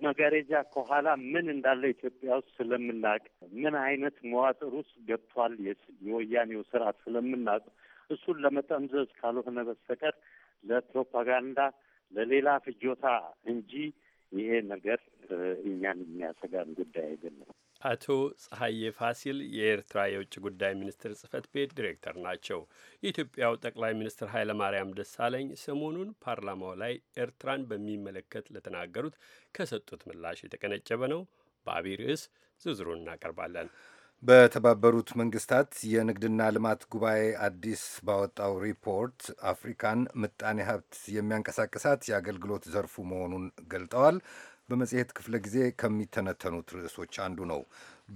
ከመጋረጃ ከኋላ ምን እንዳለ ኢትዮጵያ ውስጥ ስለምናውቅ ምን አይነት መዋጥር ውስጥ ገብቷል የወያኔው ስርዓት ስለምናውቅ እሱን ለመጠምዘዝ ካልሆነ በስተቀር ለፕሮፓጋንዳ ለሌላ ፍጆታ እንጂ ይሄ ነገር እኛን የሚያሰጋን ጉዳይ አይደለም። አቶ ጸሐዬ ፋሲል የኤርትራ የውጭ ጉዳይ ሚኒስቴር ጽህፈት ቤት ዲሬክተር ናቸው። የኢትዮጵያው ጠቅላይ ሚኒስትር ኃይለማርያም ደሳለኝ ሰሞኑን ፓርላማው ላይ ኤርትራን በሚመለከት ለተናገሩት ከሰጡት ምላሽ የተቀነጨበ ነው። በአቢ ርዕስ ዝርዝሩን እናቀርባለን። በተባበሩት መንግስታት የንግድና ልማት ጉባኤ አዲስ ባወጣው ሪፖርት አፍሪካን ምጣኔ ሀብት የሚያንቀሳቅሳት የአገልግሎት ዘርፉ መሆኑን ገልጠዋል። በመጽሔት ክፍለ ጊዜ ከሚተነተኑት ርዕሶች አንዱ ነው።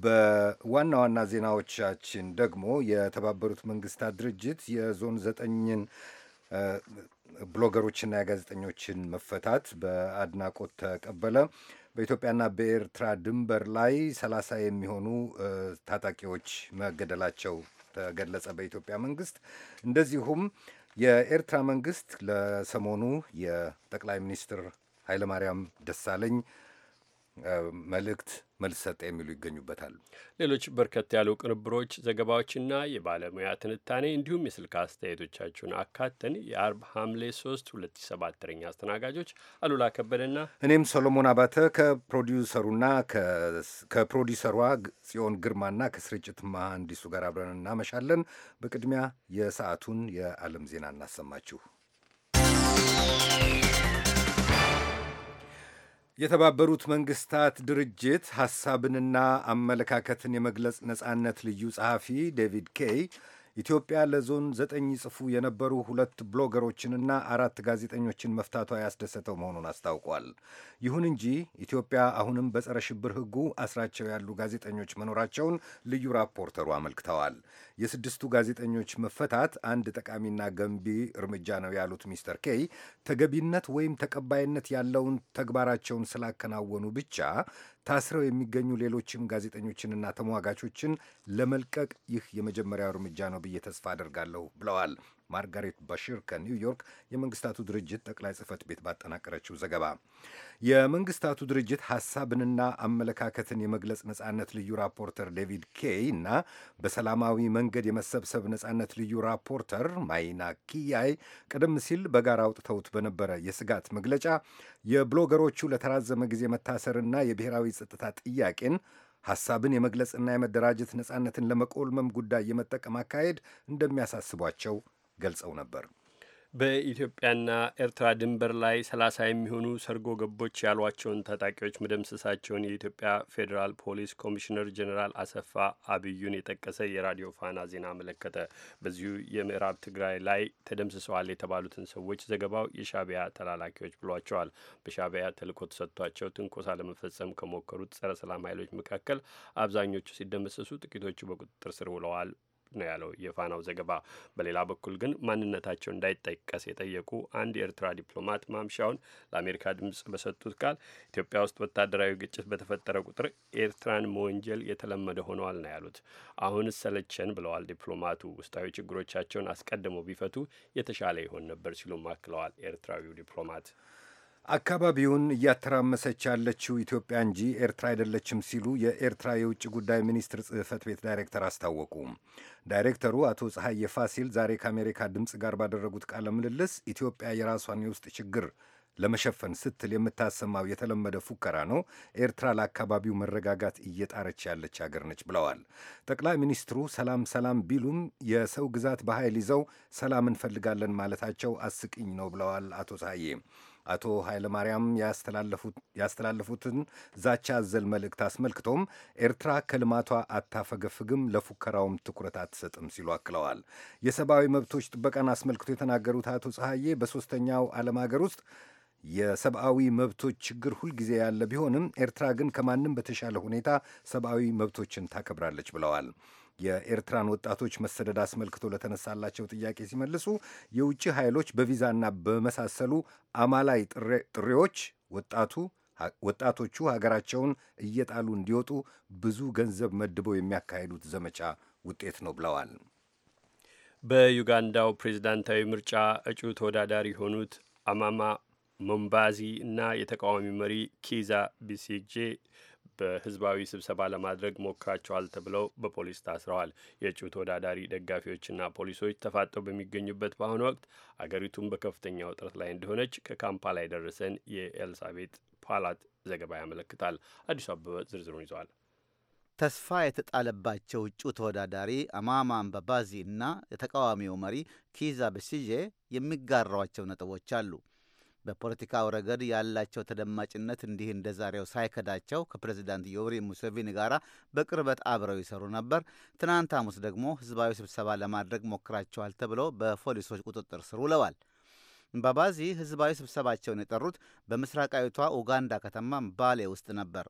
በዋና ዋና ዜናዎቻችን ደግሞ የተባበሩት መንግስታት ድርጅት የዞን ዘጠኝን ብሎገሮችና የጋዜጠኞችን መፈታት በአድናቆት ተቀበለ። በኢትዮጵያና በኤርትራ ድንበር ላይ ሰላሳ የሚሆኑ ታጣቂዎች መገደላቸው ተገለጸ በኢትዮጵያ መንግስት። እንደዚሁም የኤርትራ መንግስት ለሰሞኑ የጠቅላይ ሚኒስትር ኃይለማርያም ደሳለኝ መልእክት መልስ ሰጠ የሚሉ ይገኙበታል። ሌሎች በርከት ያሉ ቅንብሮች፣ ዘገባዎችና የባለሙያ ትንታኔ እንዲሁም የስልክ አስተያየቶቻችሁን አካተን የአርብ ሐምሌ 3 2007 ተረኛ አስተናጋጆች አሉላ ከበደና እኔም ሶሎሞን አባተ ከፕሮዲውሰሩና ከፕሮዲውሰሯ ጽዮን ግርማና ከስርጭት መሐንዲሱ ጋር አብረን እናመሻለን። በቅድሚያ የሰዓቱን የዓለም ዜና እናሰማችሁ። የተባበሩት መንግስታት ድርጅት ሐሳብንና አመለካከትን የመግለጽ ነጻነት ልዩ ጸሐፊ ዴቪድ ኬይ ኢትዮጵያ ለዞን ዘጠኝ ይጽፉ የነበሩ ሁለት ብሎገሮችንና አራት ጋዜጠኞችን መፍታቷ ያስደሰተው መሆኑን አስታውቋል። ይሁን እንጂ ኢትዮጵያ አሁንም በጸረ ሽብር ሕጉ አስራቸው ያሉ ጋዜጠኞች መኖራቸውን ልዩ ራፖርተሩ አመልክተዋል። የስድስቱ ጋዜጠኞች መፈታት አንድ ጠቃሚና ገንቢ እርምጃ ነው ያሉት ሚስተር ኬይ ተገቢነት ወይም ተቀባይነት ያለውን ተግባራቸውን ስላከናወኑ ብቻ ታስረው የሚገኙ ሌሎችም ጋዜጠኞችንና ተሟጋቾችን ለመልቀቅ ይህ የመጀመሪያው እርምጃ ነው ብዬ ተስፋ አደርጋለሁ ብለዋል። ማርጋሬት ባሽር ከኒውዮርክ የመንግስታቱ ድርጅት ጠቅላይ ጽህፈት ቤት ባጠናቀረችው ዘገባ የመንግስታቱ ድርጅት ሀሳብንና አመለካከትን የመግለጽ ነጻነት ልዩ ራፖርተር ዴቪድ ኬይ እና በሰላማዊ መንገድ የመሰብሰብ ነጻነት ልዩ ራፖርተር ማይና ኪያይ ቀደም ሲል በጋራ አውጥተውት በነበረ የስጋት መግለጫ የብሎገሮቹ ለተራዘመ ጊዜ መታሰርና የብሔራዊ ጸጥታ ጥያቄን ሐሳብን የመግለጽና የመደራጀት ነጻነትን ለመቆልመም ጉዳይ የመጠቀም አካሄድ እንደሚያሳስቧቸው ገልጸው ነበር። በኢትዮጵያና ኤርትራ ድንበር ላይ ሰላሳ የሚሆኑ ሰርጎ ገቦች ያሏቸውን ታጣቂዎች መደምሰሳቸውን የኢትዮጵያ ፌዴራል ፖሊስ ኮሚሽነር ጀኔራል አሰፋ አብዩን የጠቀሰ የራዲዮ ፋና ዜና አመለከተ። በዚሁ የምዕራብ ትግራይ ላይ ተደምስሰዋል የተባሉትን ሰዎች ዘገባው የሻቢያ ተላላኪዎች ብሏቸዋል። በሻቢያ ተልዕኮ ተሰጥቷቸው ትንኮሳ ለመፈጸም ከሞከሩት ጸረ ሰላም ኃይሎች መካከል አብዛኞቹ ሲደመሰሱ፣ ጥቂቶቹ በቁጥጥር ስር ውለዋል ነው ያለው የፋናው ዘገባ። በሌላ በኩል ግን ማንነታቸው እንዳይጠቀስ የጠየቁ አንድ የኤርትራ ዲፕሎማት ማምሻውን ለአሜሪካ ድምፅ በሰጡት ቃል ኢትዮጵያ ውስጥ ወታደራዊ ግጭት በተፈጠረ ቁጥር ኤርትራን መወንጀል የተለመደ ሆነዋል ነው ያሉት። አሁን ሰለቸን ብለዋል ዲፕሎማቱ። ውስጣዊ ችግሮቻቸውን አስቀድመው ቢፈቱ የተሻለ ይሆን ነበር ሲሉም አክለዋል ኤርትራዊው ዲፕሎማት። አካባቢውን እያተራመሰች ያለችው ኢትዮጵያ እንጂ ኤርትራ አይደለችም ሲሉ የኤርትራ የውጭ ጉዳይ ሚኒስትር ጽህፈት ቤት ዳይሬክተር አስታወቁ። ዳይሬክተሩ አቶ ፀሐየ ፋሲል ዛሬ ከአሜሪካ ድምፅ ጋር ባደረጉት ቃለ ምልልስ ኢትዮጵያ የራሷን የውስጥ ችግር ለመሸፈን ስትል የምታሰማው የተለመደ ፉከራ ነው፣ ኤርትራ ለአካባቢው መረጋጋት እየጣረች ያለች አገር ነች ብለዋል። ጠቅላይ ሚኒስትሩ ሰላም ሰላም ቢሉም የሰው ግዛት በኃይል ይዘው ሰላም እንፈልጋለን ማለታቸው አስቂኝ ነው ብለዋል አቶ ሳዬ አቶ ኃይለማርያም ያስተላለፉትን ዛቻ አዘል መልእክት አስመልክቶም ኤርትራ ከልማቷ አታፈገፍግም፣ ለፉከራውም ትኩረት አትሰጥም ሲሉ አክለዋል። የሰብአዊ መብቶች ጥበቃን አስመልክቶ የተናገሩት አቶ ፀሐዬ በሦስተኛው ዓለም ሀገር ውስጥ የሰብአዊ መብቶች ችግር ሁልጊዜ ያለ ቢሆንም ኤርትራ ግን ከማንም በተሻለ ሁኔታ ሰብአዊ መብቶችን ታከብራለች ብለዋል። የኤርትራን ወጣቶች መሰደድ አስመልክቶ ለተነሳላቸው ጥያቄ ሲመልሱ የውጭ ኃይሎች በቪዛና በመሳሰሉ አማላይ ጥሪዎች ወጣቱ ወጣቶቹ ሀገራቸውን እየጣሉ እንዲወጡ ብዙ ገንዘብ መድበው የሚያካሂዱት ዘመቻ ውጤት ነው ብለዋል። በዩጋንዳው ፕሬዝዳንታዊ ምርጫ እጩ ተወዳዳሪ የሆኑት አማማ ሞምባዚ እና የተቃዋሚ መሪ ኪዛ ቢሲጄ በህዝባዊ ስብሰባ ለማድረግ ሞክራቸዋል ተብለው በፖሊስ ታስረዋል። የእጩ ተወዳዳሪ ደጋፊዎችና ፖሊሶች ተፋጠው በሚገኙበት በአሁኑ ወቅት አገሪቱን በከፍተኛ ውጥረት ላይ እንደሆነች ከካምፓላ የደረሰን የኤልሳቤት ፓላት ዘገባ ያመለክታል። አዲሱ አበበ ዝርዝሩን ይዘዋል። ተስፋ የተጣለባቸው እጩ ተወዳዳሪ አማማ አምባባዚ እና የተቃዋሚው መሪ ኪዛ ቤሲጄ የሚጋሯቸው ነጥቦች አሉ። በፖለቲካው ረገድ ያላቸው ተደማጭነት እንዲህ እንደ ዛሬው ሳይከዳቸው ከፕሬዚዳንት ዮዌሪ ሙሴቪኒ ጋር በቅርበት አብረው ይሰሩ ነበር። ትናንት ሐሙስ ደግሞ ህዝባዊ ስብሰባ ለማድረግ ሞክራቸዋል ተብለው በፖሊሶች ቁጥጥር ስር ውለዋል። ምባባዚ ህዝባዊ ስብሰባቸውን የጠሩት በምስራቃዊቷ ኡጋንዳ ከተማ ባሌ ውስጥ ነበር።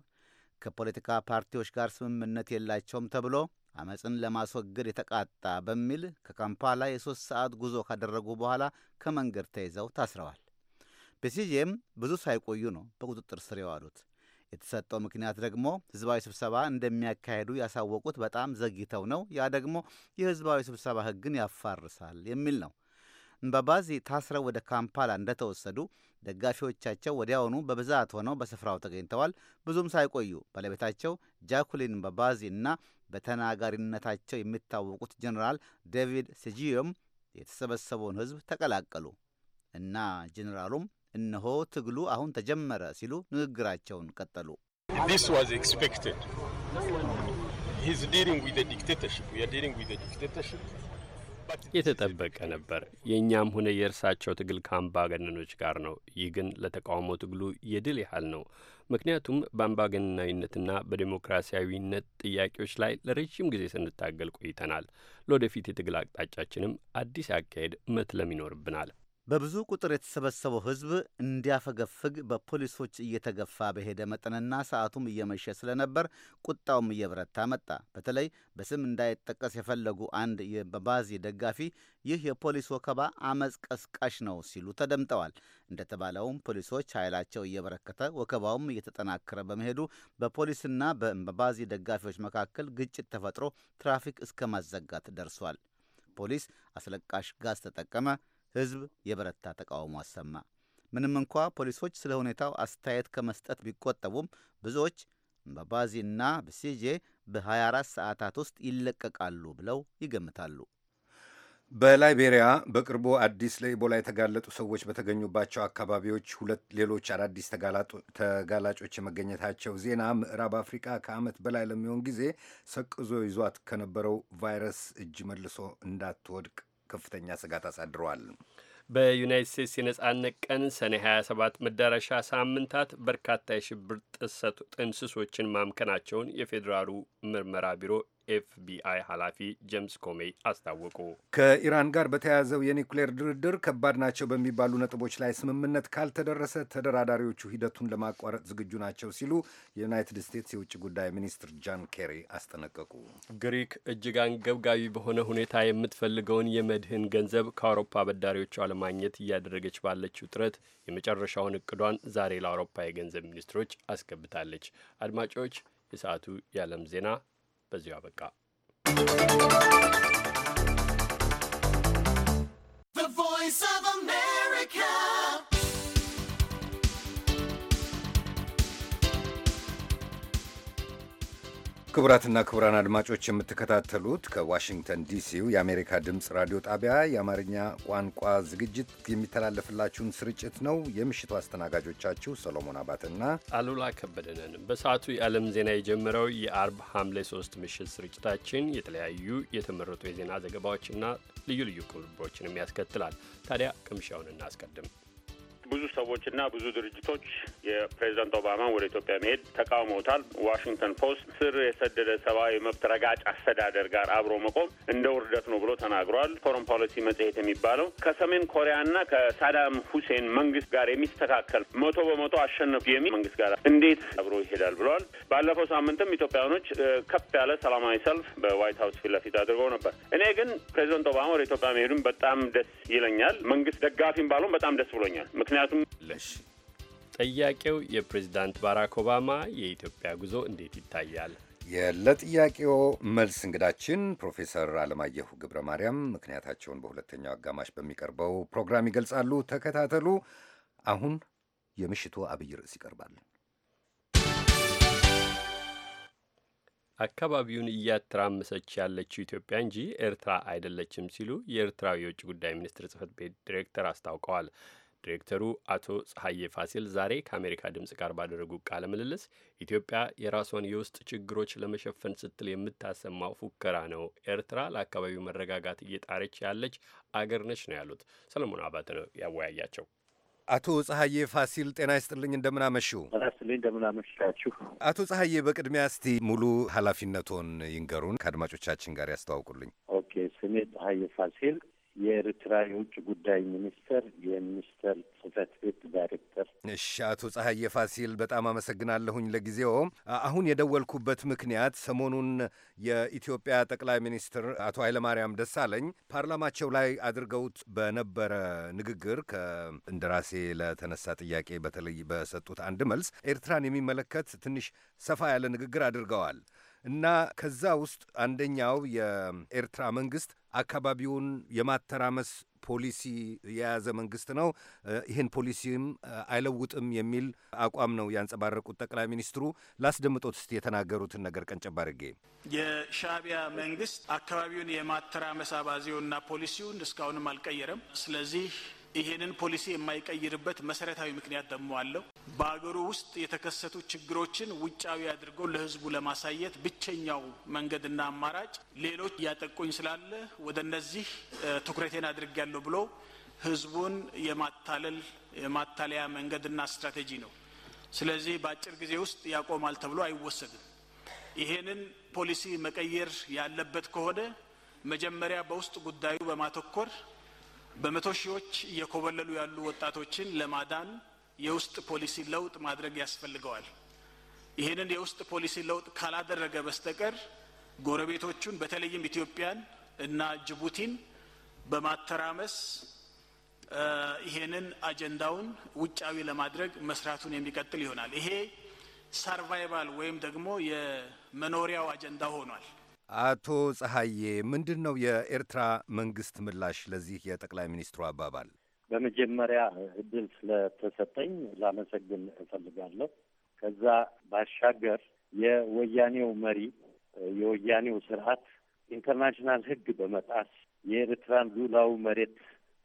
ከፖለቲካ ፓርቲዎች ጋር ስምምነት የላቸውም ተብሎ አመፅን ለማስወገድ የተቃጣ በሚል ከካምፓላ የሶስት ሰዓት ጉዞ ካደረጉ በኋላ ከመንገድ ተይዘው ታስረዋል። ቤሲጄም ብዙ ሳይቆዩ ነው በቁጥጥር ስር የዋሉት። የተሰጠው ምክንያት ደግሞ ህዝባዊ ስብሰባ እንደሚያካሄዱ ያሳወቁት በጣም ዘግይተው ነው። ያ ደግሞ የህዝባዊ ስብሰባ ህግን ያፋርሳል የሚል ነው። ምባባዚ ታስረው ወደ ካምፓላ እንደተወሰዱ ደጋፊዎቻቸው ወዲያውኑ በብዛት ሆነው በስፍራው ተገኝተዋል። ብዙም ሳይቆዩ ባለቤታቸው ጃኩሊን ምባባዚ እና በተናጋሪነታቸው የሚታወቁት ጀኔራል ዴቪድ ሲጂዮም የተሰበሰበውን ህዝብ ተቀላቀሉ እና ጀኔራሉም እነሆ ትግሉ አሁን ተጀመረ ሲሉ ንግግራቸውን ቀጠሉ። የተጠበቀ ነበር። የእኛም ሆነ የእርሳቸው ትግል ከአምባገነኖች ጋር ነው። ይህ ግን ለተቃውሞ ትግሉ የድል ያህል ነው። ምክንያቱም በአምባገነናዊነትና በዴሞክራሲያዊነት ጥያቄዎች ላይ ለረዥም ጊዜ ስንታገል ቆይተናል። ለወደፊት የትግል አቅጣጫችንም አዲስ አካሄድ መትለም ይኖርብናል። በብዙ ቁጥር የተሰበሰበው ህዝብ እንዲያፈገፍግ በፖሊሶች እየተገፋ በሄደ መጠንና ሰዓቱም እየመሸ ስለነበር ቁጣውም እየበረታ መጣ። በተለይ በስም እንዳይጠቀስ የፈለጉ አንድ የባዚ ደጋፊ ይህ የፖሊስ ወከባ አመፅ ቀስቃሽ ነው ሲሉ ተደምጠዋል። እንደተባለውም ፖሊሶች ኃይላቸው እየበረከተ ወከባውም እየተጠናከረ በመሄዱ በፖሊስና በባዚ ደጋፊዎች መካከል ግጭት ተፈጥሮ ትራፊክ እስከ ማዘጋት ደርሷል። ፖሊስ አስለቃሽ ጋዝ ተጠቀመ። ሕዝብ የበረታ ተቃውሞ አሰማ። ምንም እንኳ ፖሊሶች ስለ ሁኔታው አስተያየት ከመስጠት ቢቆጠቡም ብዙዎች በባዚና በሲጄ በ24 ሰዓታት ውስጥ ይለቀቃሉ ብለው ይገምታሉ። በላይቤሪያ በቅርቡ አዲስ ለኢቦላ የተጋለጡ ሰዎች በተገኙባቸው አካባቢዎች ሁለት ሌሎች አዳዲስ ተጋላጮች የመገኘታቸው ዜና ምዕራብ አፍሪካ ከዓመት በላይ ለሚሆን ጊዜ ሰቅዞ ይዟት ከነበረው ቫይረስ እጅ መልሶ እንዳትወድቅ ከፍተኛ ስጋት አሳድረዋል። በዩናይት ስቴትስ የነጻነት ቀን ሰኔ 27 መዳረሻ ሳምንታት በርካታ የሽብር ጥሰት ጥንስሶችን ማምከናቸውን የፌዴራሉ ምርመራ ቢሮ የኤፍቢአይ ኃላፊ ጄምስ ኮሜይ አስታወቁ። ከኢራን ጋር በተያያዘው የኒውክሌር ድርድር ከባድ ናቸው በሚባሉ ነጥቦች ላይ ስምምነት ካልተደረሰ ተደራዳሪዎቹ ሂደቱን ለማቋረጥ ዝግጁ ናቸው ሲሉ የዩናይትድ ስቴትስ የውጭ ጉዳይ ሚኒስትር ጃን ኬሪ አስጠነቀቁ። ግሪክ እጅግ አንገብጋቢ በሆነ ሁኔታ የምትፈልገውን የመድህን ገንዘብ ከአውሮፓ አበዳሪዎቿ ለማግኘት እያደረገች ባለችው ጥረት የመጨረሻውን እቅዷን ዛሬ ለአውሮፓ የገንዘብ ሚኒስትሮች አስገብታለች። አድማጮች፣ የሰዓቱ የዓለም ዜና በዚሁ አበቃ። ክቡራትና ክቡራን አድማጮች የምትከታተሉት ከዋሽንግተን ዲሲው የአሜሪካ ድምፅ ራዲዮ ጣቢያ የአማርኛ ቋንቋ ዝግጅት የሚተላለፍላችሁን ስርጭት ነው። የምሽቱ አስተናጋጆቻችሁ ሰሎሞን አባትና አሉላ ከበደነን። በሰዓቱ የዓለም ዜና የጀመረው የአርብ ሐምሌ 3 ምሽት ስርጭታችን የተለያዩ የተመረጡ የዜና ዘገባዎችና ልዩ ልዩ ቅንብሮችንም ያስከትላል። ታዲያ ቅምሻውን እናስቀድም። ብዙ ሰዎችና ብዙ ድርጅቶች የፕሬዚዳንት ኦባማን ወደ ኢትዮጵያ መሄድ ተቃውመውታል። ዋሽንግተን ፖስት ስር የሰደደ ሰብአዊ መብት ረጋጭ አስተዳደር ጋር አብሮ መቆም እንደ ውርደት ነው ብሎ ተናግሯል። ፎረን ፖሊሲ መጽሔት የሚባለው ከሰሜን ኮሪያና ከሳዳም ሁሴን መንግስት ጋር የሚስተካከል መቶ በመቶ አሸነፉ የሚል መንግስት ጋር እንዴት አብሮ ይሄዳል ብለዋል። ባለፈው ሳምንትም ኢትዮጵያውያኖች ከፍ ያለ ሰላማዊ ሰልፍ በዋይት ሀውስ ፊት ለፊት አድርገው ነበር። እኔ ግን ፕሬዚዳንት ኦባማ ወደ ኢትዮጵያ መሄዱን በጣም ደስ ይለኛል። መንግስት ደጋፊም ባለውም በጣም ደስ ብሎኛል። ምክንያቱ ምክንያቱም ጥያቄው የፕሬዚዳንት ባራክ ኦባማ የኢትዮጵያ ጉዞ እንዴት ይታያል? የለጥያቄው መልስ እንግዳችን ፕሮፌሰር አለማየሁ ግብረ ማርያም ምክንያታቸውን በሁለተኛው አጋማሽ በሚቀርበው ፕሮግራም ይገልጻሉ። ተከታተሉ። አሁን የምሽቱ አብይ ርዕስ ይቀርባል። አካባቢውን እያተራመሰች ያለችው ኢትዮጵያ እንጂ ኤርትራ አይደለችም ሲሉ የኤርትራዊ የውጭ ጉዳይ ሚኒስትር ጽህፈት ቤት ዲሬክተር አስታውቀዋል። ዲሬክተሩ አቶ ጸሐዬ ፋሲል ዛሬ ከአሜሪካ ድምፅ ጋር ባደረጉ ቃለ ምልልስ ኢትዮጵያ የራሷን የውስጥ ችግሮች ለመሸፈን ስትል የምታሰማው ፉከራ ነው፣ ኤርትራ ለአካባቢው መረጋጋት እየጣረች ያለች አገር ነች ነው ያሉት። ሰለሞን አባተ ነው ያወያያቸው። አቶ ጸሐዬ ፋሲል ጤና ይስጥልኝ፣ እንደምናመሹ ስጥልኝ፣ አቶ ጸሐዬ በቅድሚያ እስቲ ሙሉ ኃላፊነቶን ይንገሩን፣ ከአድማጮቻችን ጋር ያስተዋውቁልኝ። ኦኬ፣ ስሜ ጸሐዬ ፋሲል የኤርትራ የውጭ ጉዳይ ሚኒስተር የሚኒስተር ጽህፈት ቤት ዳይሬክተር። እሺ፣ አቶ ፀሐየ ፋሲል በጣም አመሰግናለሁኝ ለጊዜው። አሁን የደወልኩበት ምክንያት ሰሞኑን የኢትዮጵያ ጠቅላይ ሚኒስትር አቶ ኃይለማርያም ደሳለኝ ፓርላማቸው ላይ አድርገውት በነበረ ንግግር ከእንደራሴ ለተነሳ ጥያቄ በተለይ በሰጡት አንድ መልስ ኤርትራን የሚመለከት ትንሽ ሰፋ ያለ ንግግር አድርገዋል። እና ከዛ ውስጥ አንደኛው የኤርትራ መንግስት አካባቢውን የማተራመስ ፖሊሲ የያዘ መንግስት ነው፣ ይህን ፖሊሲም አይለውጥም የሚል አቋም ነው ያንጸባረቁት ጠቅላይ ሚኒስትሩ። ላስደምጦት እስቲ የተናገሩትን ነገር ቀንጨባ አድርጌ። መንግስት አካባቢውን የማተራመስ አባዜውና ፖሊሲውን እስካሁንም አልቀየረም። ስለዚህ ይህንን ፖሊሲ የማይቀይርበት መሰረታዊ ምክንያት ደግሞ አለው። በሀገሩ ውስጥ የተከሰቱ ችግሮችን ውጫዊ አድርገው ለህዝቡ ለማሳየት ብቸኛው መንገድና አማራጭ ሌሎች እያጠቁኝ ስላለ ወደ እነዚህ ትኩረቴን አድርጌያለሁ ብሎ ህዝቡን የማታለል የማታለያ መንገድና ስትራቴጂ ነው። ስለዚህ በአጭር ጊዜ ውስጥ ያቆማል ተብሎ አይወሰድም። ይሄንን ፖሊሲ መቀየር ያለበት ከሆነ መጀመሪያ በውስጥ ጉዳዩ በማተኮር በመቶ ሺዎች እየኮበለሉ ያሉ ወጣቶችን ለማዳን የውስጥ ፖሊሲ ለውጥ ማድረግ ያስፈልገዋል። ይህንን የውስጥ ፖሊሲ ለውጥ ካላደረገ በስተቀር ጎረቤቶቹን በተለይም ኢትዮጵያን እና ጅቡቲን በማተራመስ ይሄንን አጀንዳውን ውጫዊ ለማድረግ መስራቱን የሚቀጥል ይሆናል። ይሄ ሰርቫይቫል ወይም ደግሞ የመኖሪያው አጀንዳ ሆኗል። አቶ ጸሐዬ፣ ምንድን ነው የኤርትራ መንግስት ምላሽ ለዚህ የጠቅላይ ሚኒስትሩ አባባል? በመጀመሪያ እድል ስለተሰጠኝ ላመሰግን እፈልጋለሁ። ከዛ ባሻገር የወያኔው መሪ የወያኔው ስርዓት ኢንተርናሽናል ሕግ በመጣስ የኤርትራን ሉዓላዊ መሬት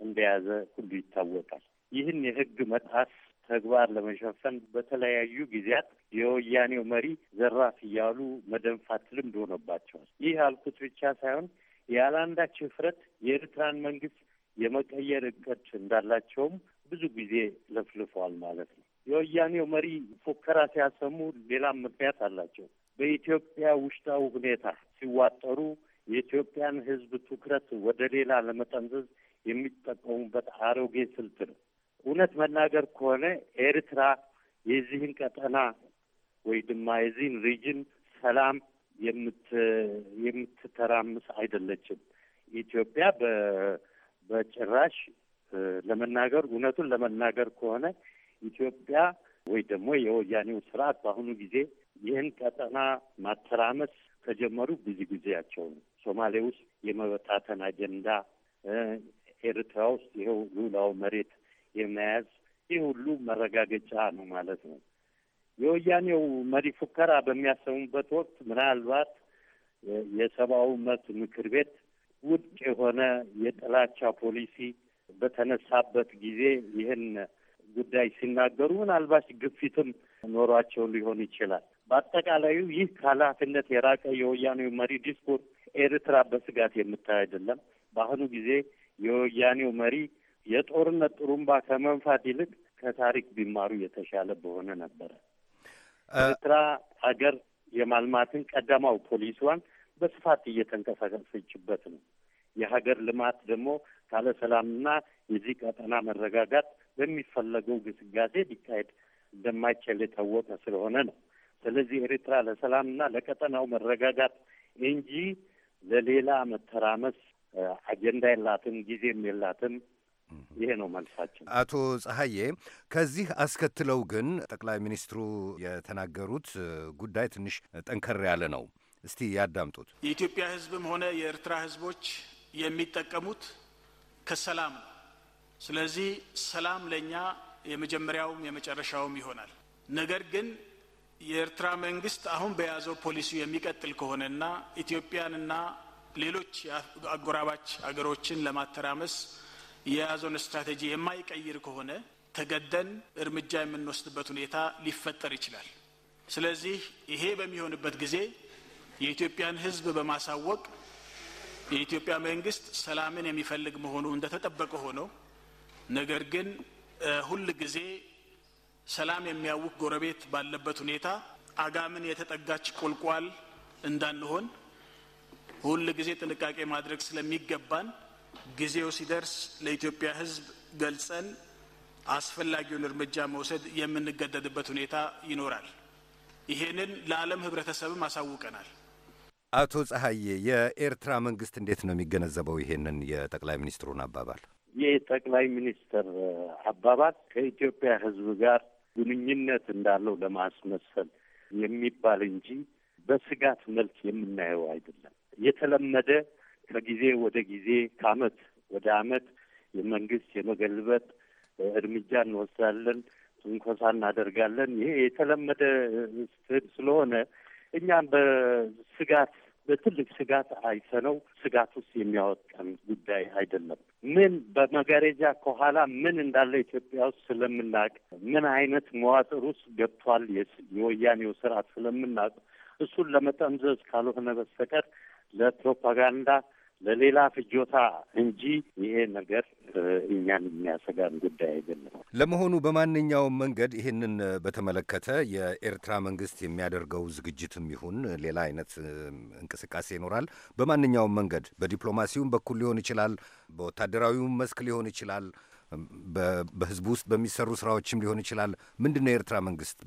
እንደያዘ ሁሉ ይታወቃል። ይህን የሕግ መጣስ ተግባር ለመሸፈን በተለያዩ ጊዜያት የወያኔው መሪ ዘራፍ እያሉ መደንፋት ልምድ ሆኖባቸዋል። ይህ ያልኩት ብቻ ሳይሆን ያለ ህፍረት የኤርትራን መንግስት የመቀየር እቅድ እንዳላቸውም ብዙ ጊዜ ለፍልፈዋል ማለት ነው። የወያኔው መሪ ፉከራ ሲያሰሙ ሌላም ምክንያት አላቸው። በኢትዮጵያ ውስጣዊ ሁኔታ ሲዋጠሩ የኢትዮጵያን ሕዝብ ትኩረት ወደ ሌላ ለመጠምዘዝ የሚጠቀሙበት አሮጌ ስልት ነው። እውነት መናገር ከሆነ ኤርትራ የዚህን ቀጠና ወይ ድማ የዚህን ሪጅን ሰላም የምትተራምስ አይደለችም። ኢትዮጵያ በ በጭራሽ ለመናገር እውነቱን ለመናገር ከሆነ ኢትዮጵያ ወይ ደግሞ የወያኔው ስርዓት በአሁኑ ጊዜ ይህን ቀጠና ማተራመስ ከጀመሩ ብዙ ጊዜያቸው ነው። ሶማሌ ውስጥ የመበታተን አጀንዳ፣ ኤርትራ ውስጥ ይኸው ሉላው መሬት የመያዝ ይህ ሁሉ መረጋገጫ ነው ማለት ነው። የወያኔው መሪ ፉከራ በሚያሰሙበት ወቅት ምናልባት የሰብአዊ መብት ምክር ቤት ውድቅ የሆነ የጥላቻ ፖሊሲ በተነሳበት ጊዜ ይህን ጉዳይ ሲናገሩ ምናልባት ግፊትም ኖሯቸው ሊሆን ይችላል። በአጠቃላዩ ይህ ከኃላፊነት የራቀ የወያኔው መሪ ዲስኩር ኤርትራ በስጋት የምታይ አይደለም። በአሁኑ ጊዜ የወያኔው መሪ የጦርነት ጥሩምባ ከመንፋት ይልቅ ከታሪክ ቢማሩ የተሻለ በሆነ ነበረ። ኤርትራ ሀገር የማልማትን ቀዳማው ፖሊሲዋን በስፋት እየተንቀሳቀሰችበት ነው። የሀገር ልማት ደግሞ ካለ ሰላምና የዚህ ቀጠና መረጋጋት በሚፈለገው ግስጋሴ ሊካሄድ እንደማይችል የታወቀ ስለሆነ ነው። ስለዚህ ኤርትራ ለሰላምና ለቀጠናው መረጋጋት እንጂ ለሌላ መተራመስ አጀንዳ የላትም፣ ጊዜም የላትም። ይሄ ነው መልሳችን። አቶ ፀሐዬ፣ ከዚህ አስከትለው ግን ጠቅላይ ሚኒስትሩ የተናገሩት ጉዳይ ትንሽ ጠንከር ያለ ነው። እስቲ ያዳምጡት። የኢትዮጵያ ሕዝብም ሆነ የኤርትራ ሕዝቦች የሚጠቀሙት ከሰላም ነው። ስለዚህ ሰላም ለእኛ የመጀመሪያውም የመጨረሻውም ይሆናል። ነገር ግን የኤርትራ መንግስት አሁን በያዘው ፖሊሲ የሚቀጥል ከሆነና ኢትዮጵያንና ሌሎች አጎራባች አገሮችን ለማተራመስ የያዘውን ስትራቴጂ የማይቀይር ከሆነ ተገደን እርምጃ የምንወስድበት ሁኔታ ሊፈጠር ይችላል። ስለዚህ ይሄ በሚሆንበት ጊዜ የኢትዮጵያን ህዝብ በማሳወቅ የኢትዮጵያ መንግስት ሰላምን የሚፈልግ መሆኑ እንደተጠበቀ ሆኖ ነገር ግን ሁል ጊዜ ሰላም የሚያውቅ ጎረቤት ባለበት ሁኔታ አጋምን የተጠጋች ቁልቋል እንዳንሆን ሁል ጊዜ ጥንቃቄ ማድረግ ስለሚገባን ጊዜው ሲደርስ ለኢትዮጵያ ህዝብ ገልጸን አስፈላጊውን እርምጃ መውሰድ የምንገደድበት ሁኔታ ይኖራል። ይሄንን ለዓለም ህብረተሰብም አሳውቀናል። አቶ ጸሐዬ የኤርትራ መንግስት እንዴት ነው የሚገነዘበው ይሄንን የጠቅላይ ሚኒስትሩን አባባል? ጠቅላይ ሚኒስትር አባባል ከኢትዮጵያ ሕዝብ ጋር ግንኙነት እንዳለው ለማስመሰል የሚባል እንጂ በስጋት መልክ የምናየው አይደለም። የተለመደ ከጊዜ ወደ ጊዜ ከአመት ወደ አመት የመንግስት የመገልበጥ እርምጃ እንወስዳለን፣ ትንኮሳ እናደርጋለን። ይሄ የተለመደ ስትል ስለሆነ እኛም በስጋት በትልቅ ስጋት አይተነው ስጋት ውስጥ የሚያወጣን ጉዳይ አይደለም። ምን በመጋረጃ ከኋላ ምን እንዳለ ኢትዮጵያ ውስጥ ስለምናውቅ ምን አይነት መዋጥር ውስጥ ገብቷል የወያኔው ስርዓት ስለምናውቅ እሱን ለመጠምዘዝ ካልሆነ በስተቀር ለፕሮፓጋንዳ ለሌላ ፍጆታ እንጂ ይሄ ነገር እኛን የሚያሰጋን ጉዳይ አይደለም። ለመሆኑ በማንኛውም መንገድ ይህንን በተመለከተ የኤርትራ መንግስት የሚያደርገው ዝግጅትም ይሁን ሌላ አይነት እንቅስቃሴ ይኖራል? በማንኛውም መንገድ በዲፕሎማሲውም በኩል ሊሆን ይችላል፣ በወታደራዊውም መስክ ሊሆን ይችላል፣ በህዝቡ ውስጥ በሚሰሩ ስራዎችም ሊሆን ይችላል። ምንድን ነው የኤርትራ መንግስት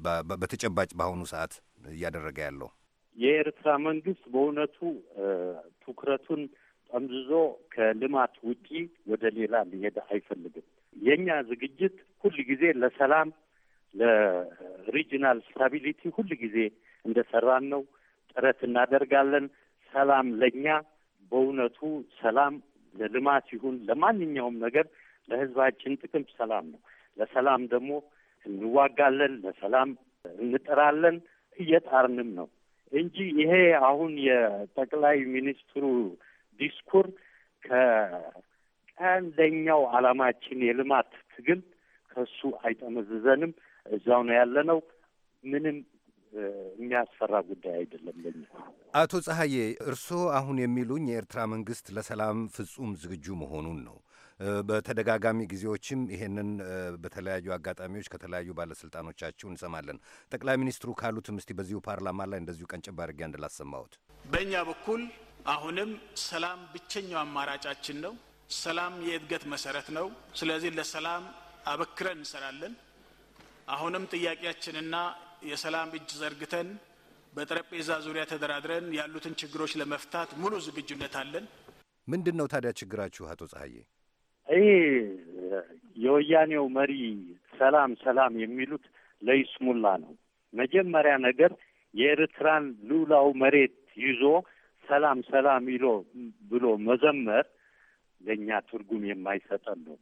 በተጨባጭ በአሁኑ ሰዓት እያደረገ ያለው? የኤርትራ መንግስት በእውነቱ ትኩረቱን ጠምዝዞ ከልማት ውጪ ወደ ሌላ ሊሄድ አይፈልግም። የእኛ ዝግጅት ሁል ጊዜ ለሰላም ለሪጂናል ስታቢሊቲ ሁል ጊዜ እንደሰራን ነው። ጥረት እናደርጋለን። ሰላም ለእኛ በእውነቱ ሰላም ለልማት ይሁን ለማንኛውም ነገር ለህዝባችን ጥቅም ሰላም ነው። ለሰላም ደግሞ እንዋጋለን፣ ለሰላም እንጥራለን፣ እየጣርንም ነው እንጂ ይሄ አሁን የጠቅላይ ሚኒስትሩ ዲስኩር ከቀንደኛው ዓላማችን የልማት ትግል ከሱ አይጠመዝዘንም። እዛው ነው ያለ ነው። ምንም የሚያስፈራ ጉዳይ አይደለም ለኛ። አቶ ፀሐዬ እርስዎ አሁን የሚሉኝ የኤርትራ መንግስት ለሰላም ፍጹም ዝግጁ መሆኑን ነው። በተደጋጋሚ ጊዜዎችም ይሄንን በተለያዩ አጋጣሚዎች ከተለያዩ ባለስልጣኖቻችሁ እንሰማለን። ጠቅላይ ሚኒስትሩ ካሉትም እስቲ በዚሁ ፓርላማ ላይ እንደዚሁ ቀንጭብ አድርጌ አንድ በእኛ በኩል አሁንም ሰላም ብቸኛው አማራጫችን ነው። ሰላም የእድገት መሰረት ነው። ስለዚህ ለሰላም አበክረን እንሰራለን። አሁንም ጥያቄያችንና የሰላም እጅ ዘርግተን በጠረጴዛ ዙሪያ ተደራድረን ያሉትን ችግሮች ለመፍታት ሙሉ ዝግጁነት አለን። ምንድን ነው ታዲያ ችግራችሁ አቶ ጸሐዬ? ይህ የወያኔው መሪ ሰላም ሰላም የሚሉት ለይስሙላ ነው። መጀመሪያ ነገር የኤርትራን ሉላው መሬት ይዞ ሰላም ሰላም ይሎ ብሎ መዘመር ለእኛ ትርጉም የማይሰጠን ነው።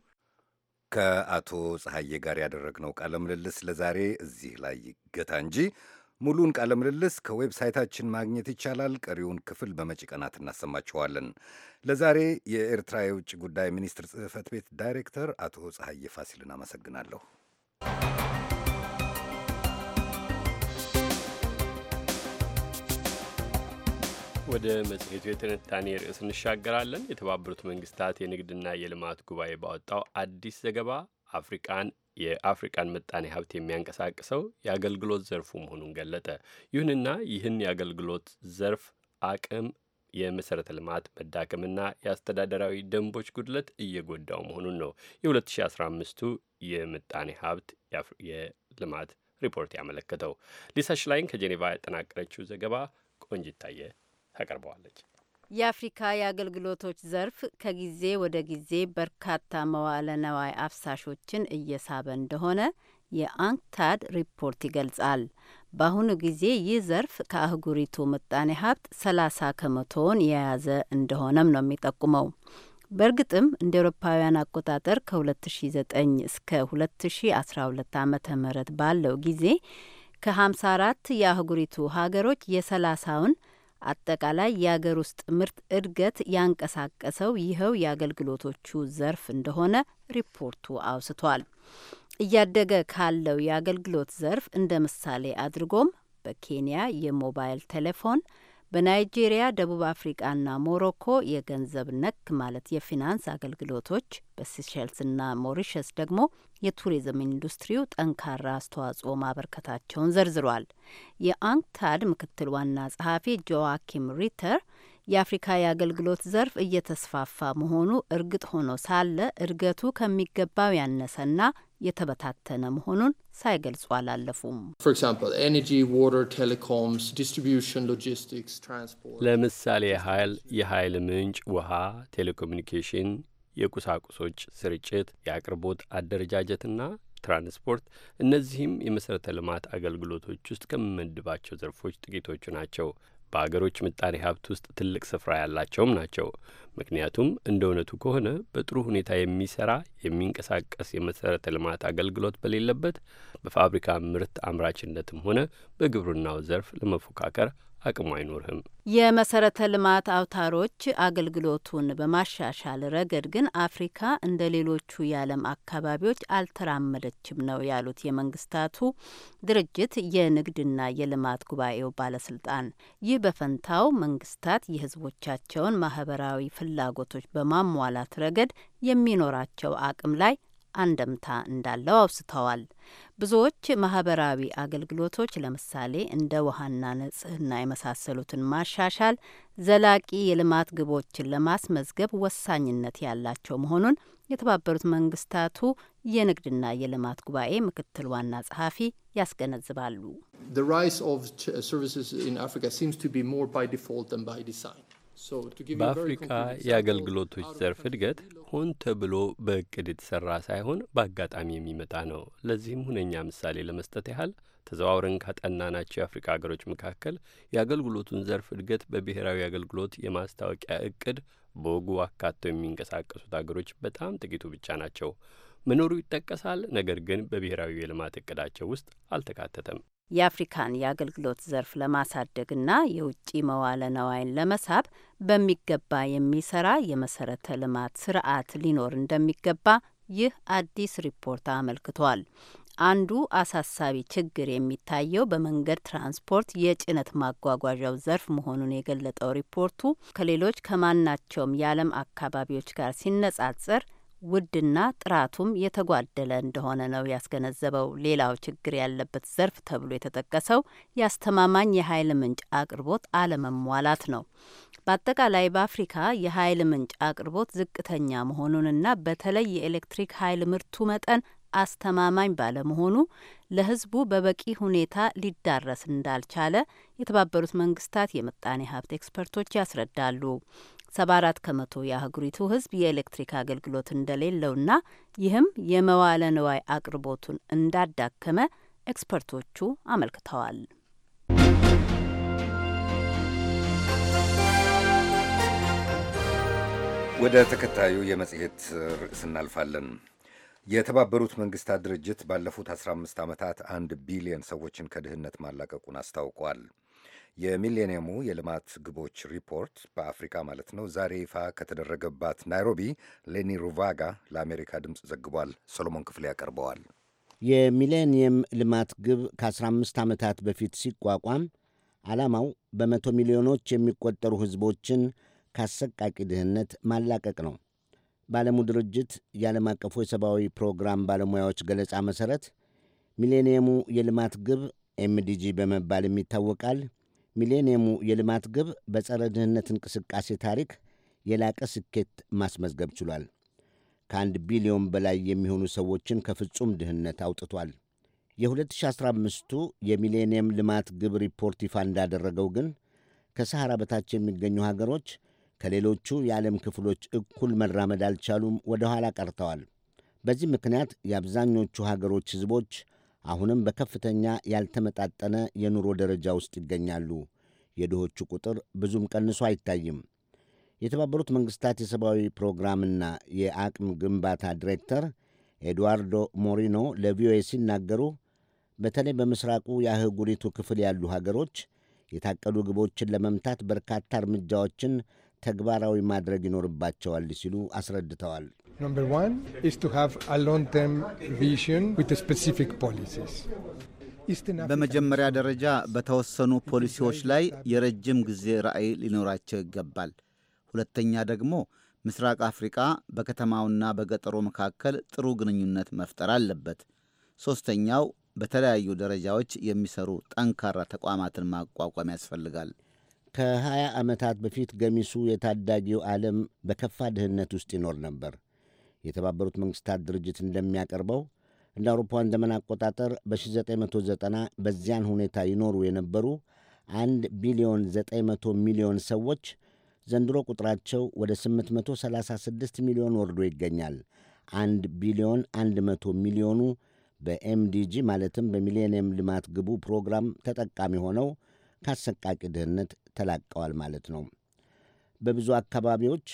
ከአቶ ፀሐዬ ጋር ያደረግነው ቃለ ምልልስ ለዛሬ እዚህ ላይ ይገታ እንጂ ሙሉን ቃለ ምልልስ ከዌብሳይታችን ማግኘት ይቻላል። ቀሪውን ክፍል በመጪ ቀናት እናሰማችኋለን። ለዛሬ የኤርትራ የውጭ ጉዳይ ሚኒስትር ጽህፈት ቤት ዳይሬክተር አቶ ፀሐዬ ፋሲልን አመሰግናለሁ። ወደ መጽሔቱ የትንታኔ ርዕስ እንሻገራለን። የተባበሩት መንግስታት የንግድና የልማት ጉባኤ ባወጣው አዲስ ዘገባ አፍሪቃን የአፍሪቃን ምጣኔ ሀብት የሚያንቀሳቅሰው የአገልግሎት ዘርፉ መሆኑን ገለጠ። ይሁንና ይህን የአገልግሎት ዘርፍ አቅም የመሰረተ ልማት መዳከምና የአስተዳደራዊ ደንቦች ጉድለት እየጎዳው መሆኑን ነው የ2015ቱ የምጣኔ ሀብት የልማት ሪፖርት ያመለከተው። ሊሳ ሽላይን ከጄኔቫ ያጠናቀረችው ዘገባ ቆንጅታየ ታቀርበዋለች። የአፍሪካ የአገልግሎቶች ዘርፍ ከጊዜ ወደ ጊዜ በርካታ መዋለ ነዋይ አፍሳሾችን እየሳበ እንደሆነ የአንክታድ ሪፖርት ይገልጻል። በአሁኑ ጊዜ ይህ ዘርፍ ከአህጉሪቱ ምጣኔ ሀብት 30 ከመቶውን የያዘ እንደሆነም ነው የሚጠቁመው። በእርግጥም እንደ ኤሮፓውያን አቆጣጠር ከ2009 እስከ 2012 ዓ ም ባለው ጊዜ ከ54 የአህጉሪቱ ሀገሮች የ30ውን አጠቃላይ የአገር ውስጥ ምርት እድገት ያንቀሳቀሰው ይኸው የአገልግሎቶቹ ዘርፍ እንደሆነ ሪፖርቱ አውስቷል። እያደገ ካለው የአገልግሎት ዘርፍ እንደ ምሳሌ አድርጎም በኬንያ የሞባይል ቴሌፎን በናይጄሪያ፣ ደቡብ አፍሪቃና ሞሮኮ የገንዘብ ነክ ማለት የፊናንስ አገልግሎቶች፣ በሲሸልስና ሞሪሸስ ደግሞ የቱሪዝም ኢንዱስትሪው ጠንካራ አስተዋጽኦ ማበርከታቸውን ዘርዝሯል። የአንክታድ ምክትል ዋና ጸሐፊ ጆዋኪም ሪተር የአፍሪካ የአገልግሎት ዘርፍ እየተስፋፋ መሆኑ እርግጥ ሆኖ ሳለ እድገቱ ከሚገባው ያነሰና የተበታተነ መሆኑን ሳይገልጹ አላለፉም። ለምሳሌ ኃይል፣ የኃይል ምንጭ፣ ውሃ፣ ቴሌኮሙኒኬሽን፣ የቁሳቁሶች ስርጭት፣ የአቅርቦት አደረጃጀትና ትራንስፖርት እነዚህም የመሠረተ ልማት አገልግሎቶች ውስጥ ከምመድባቸው ዘርፎች ጥቂቶቹ ናቸው። በአገሮች ምጣኔ ሀብት ውስጥ ትልቅ ስፍራ ያላቸውም ናቸው። ምክንያቱም እንደ እውነቱ ከሆነ በጥሩ ሁኔታ የሚሰራ የሚንቀሳቀስ የመሠረተ ልማት አገልግሎት በሌለበት በፋብሪካ ምርት አምራችነትም ሆነ በግብርናው ዘርፍ ለመፎካከር አቅሙ አይኖርህም። የመሰረተ ልማት አውታሮች አገልግሎቱን በማሻሻል ረገድ ግን አፍሪካ እንደ ሌሎቹ የዓለም አካባቢዎች አልተራመደችም ነው ያሉት የመንግስታቱ ድርጅት የንግድና የልማት ጉባኤው ባለስልጣን። ይህ በፈንታው መንግስታት የህዝቦቻቸውን ማህበራዊ ፍላጎቶች በማሟላት ረገድ የሚኖራቸው አቅም ላይ አንደምታ እንዳለው አውስተዋል። ብዙዎች ማህበራዊ አገልግሎቶች ለምሳሌ እንደ ውሃና ንጽህና የመሳሰሉትን ማሻሻል ዘላቂ የልማት ግቦችን ለማስመዝገብ ወሳኝነት ያላቸው መሆኑን የተባበሩት መንግስታቱ የንግድና የልማት ጉባኤ ምክትል ዋና ጸሐፊ ያስገነዝባሉ። በአፍሪካ የአገልግሎቶች ዘርፍ እድገት ሆን ተብሎ በእቅድ የተሰራ ሳይሆን በአጋጣሚ የሚመጣ ነው። ለዚህም ሁነኛ ምሳሌ ለመስጠት ያህል ተዘዋውረን ካጠናናቸው የአፍሪካ ሀገሮች መካከል የአገልግሎቱን ዘርፍ እድገት በብሔራዊ አገልግሎት የማስታወቂያ እቅድ በወጉ አካተው የሚንቀሳቀሱት አገሮች በጣም ጥቂቱ ብቻ ናቸው። መኖሩ ይጠቀሳል። ነገር ግን በብሔራዊ የልማት እቅዳቸው ውስጥ አልተካተተም። የአፍሪካን የአገልግሎት ዘርፍ ለማሳደግና የውጭ መዋለ ነዋይን ለመሳብ በሚገባ የሚሰራ የመሰረተ ልማት ስርዓት ሊኖር እንደሚገባ ይህ አዲስ ሪፖርት አመልክቷል። አንዱ አሳሳቢ ችግር የሚታየው በመንገድ ትራንስፖርት የጭነት ማጓጓዣው ዘርፍ መሆኑን የገለጠው ሪፖርቱ ከሌሎች ከማናቸውም የዓለም አካባቢዎች ጋር ሲነጻጸር ውድና ጥራቱም የተጓደለ እንደሆነ ነው ያስገነዘበው። ሌላው ችግር ያለበት ዘርፍ ተብሎ የተጠቀሰው የአስተማማኝ የኃይል ምንጭ አቅርቦት አለመሟላት ነው። በአጠቃላይ በአፍሪካ የኃይል ምንጭ አቅርቦት ዝቅተኛ መሆኑንና በተለይ የኤሌክትሪክ ኃይል ምርቱ መጠን አስተማማኝ ባለመሆኑ ለሕዝቡ በበቂ ሁኔታ ሊዳረስ እንዳልቻለ የተባበሩት መንግስታት የምጣኔ ሀብት ኤክስፐርቶች ያስረዳሉ። 74 ከመቶ የአህጉሪቱ ህዝብ የኤሌክትሪክ አገልግሎት እንደሌለውና ይህም የመዋለ ንዋይ አቅርቦቱን እንዳዳከመ ኤክስፐርቶቹ አመልክተዋል። ወደ ተከታዩ የመጽሔት ርዕስ እናልፋለን። የተባበሩት መንግስታት ድርጅት ባለፉት 15 ዓመታት አንድ ቢሊዮን ሰዎችን ከድህነት ማላቀቁን አስታውቋል። የሚሌኒየሙ የልማት ግቦች ሪፖርት በአፍሪካ ማለት ነው ዛሬ ይፋ ከተደረገባት ናይሮቢ ሌኒ ሩቫጋ ለአሜሪካ ድምፅ ዘግቧል። ሰሎሞን ክፍሌ ያቀርበዋል። የሚሌኒየም ልማት ግብ ከ15 ዓመታት በፊት ሲቋቋም ዓላማው በመቶ ሚሊዮኖች የሚቆጠሩ ሕዝቦችን ካሰቃቂ ድህነት ማላቀቅ ነው። በዓለሙ ድርጅት የዓለም አቀፉ የሰብአዊ ፕሮግራም ባለሙያዎች ገለጻ መሠረት ሚሌኒየሙ የልማት ግብ ኤምዲጂ በመባል ይታወቃል። ሚሌኒየሙ የልማት ግብ በጸረ ድህነት እንቅስቃሴ ታሪክ የላቀ ስኬት ማስመዝገብ ችሏል። ከአንድ ቢሊዮን በላይ የሚሆኑ ሰዎችን ከፍጹም ድህነት አውጥቷል። የ2015ቱ የሚሌኒየም ልማት ግብ ሪፖርት ይፋ እንዳደረገው ግን ከሰሐራ በታች የሚገኙ ሀገሮች ከሌሎቹ የዓለም ክፍሎች እኩል መራመድ አልቻሉም፣ ወደ ኋላ ቀርተዋል። በዚህ ምክንያት የአብዛኞቹ ሀገሮች ሕዝቦች አሁንም በከፍተኛ ያልተመጣጠነ የኑሮ ደረጃ ውስጥ ይገኛሉ። የድሆቹ ቁጥር ብዙም ቀንሶ አይታይም። የተባበሩት መንግሥታት የሰብአዊ ፕሮግራምና የአቅም ግንባታ ዲሬክተር ኤድዋርዶ ሞሪኖ ለቪኦኤ ሲናገሩ በተለይ በምስራቁ የአህጉሪቱ ክፍል ያሉ ሀገሮች የታቀዱ ግቦችን ለመምታት በርካታ እርምጃዎችን ተግባራዊ ማድረግ ይኖርባቸዋል ሲሉ አስረድተዋል። Number one is to have a long-term vision with specific policies. በመጀመሪያ ደረጃ በተወሰኑ ፖሊሲዎች ላይ የረጅም ጊዜ ራዕይ ሊኖራቸው ይገባል። ሁለተኛ ደግሞ ምስራቅ አፍሪቃ በከተማውና በገጠሩ መካከል ጥሩ ግንኙነት መፍጠር አለበት። ሦስተኛው በተለያዩ ደረጃዎች የሚሰሩ ጠንካራ ተቋማትን ማቋቋም ያስፈልጋል። ከ20 ዓመታት በፊት ገሚሱ የታዳጊው ዓለም በከፋ ድህነት ውስጥ ይኖር ነበር። የተባበሩት መንግሥታት ድርጅት እንደሚያቀርበው እንደ አውሮፓውያን ዘመን አቆጣጠር በ1990 በዚያን ሁኔታ ይኖሩ የነበሩ 1 ቢሊዮን 900 ሚሊዮን ሰዎች ዘንድሮ ቁጥራቸው ወደ 836 ሚሊዮን ወርዶ ይገኛል። 1 ቢሊዮን 100 ሚሊዮኑ በኤምዲጂ ማለትም በሚሌኒየም ልማት ግቡ ፕሮግራም ተጠቃሚ ሆነው ካሰቃቂ ድህነት ተላቀዋል ማለት ነው። በብዙ አካባቢዎች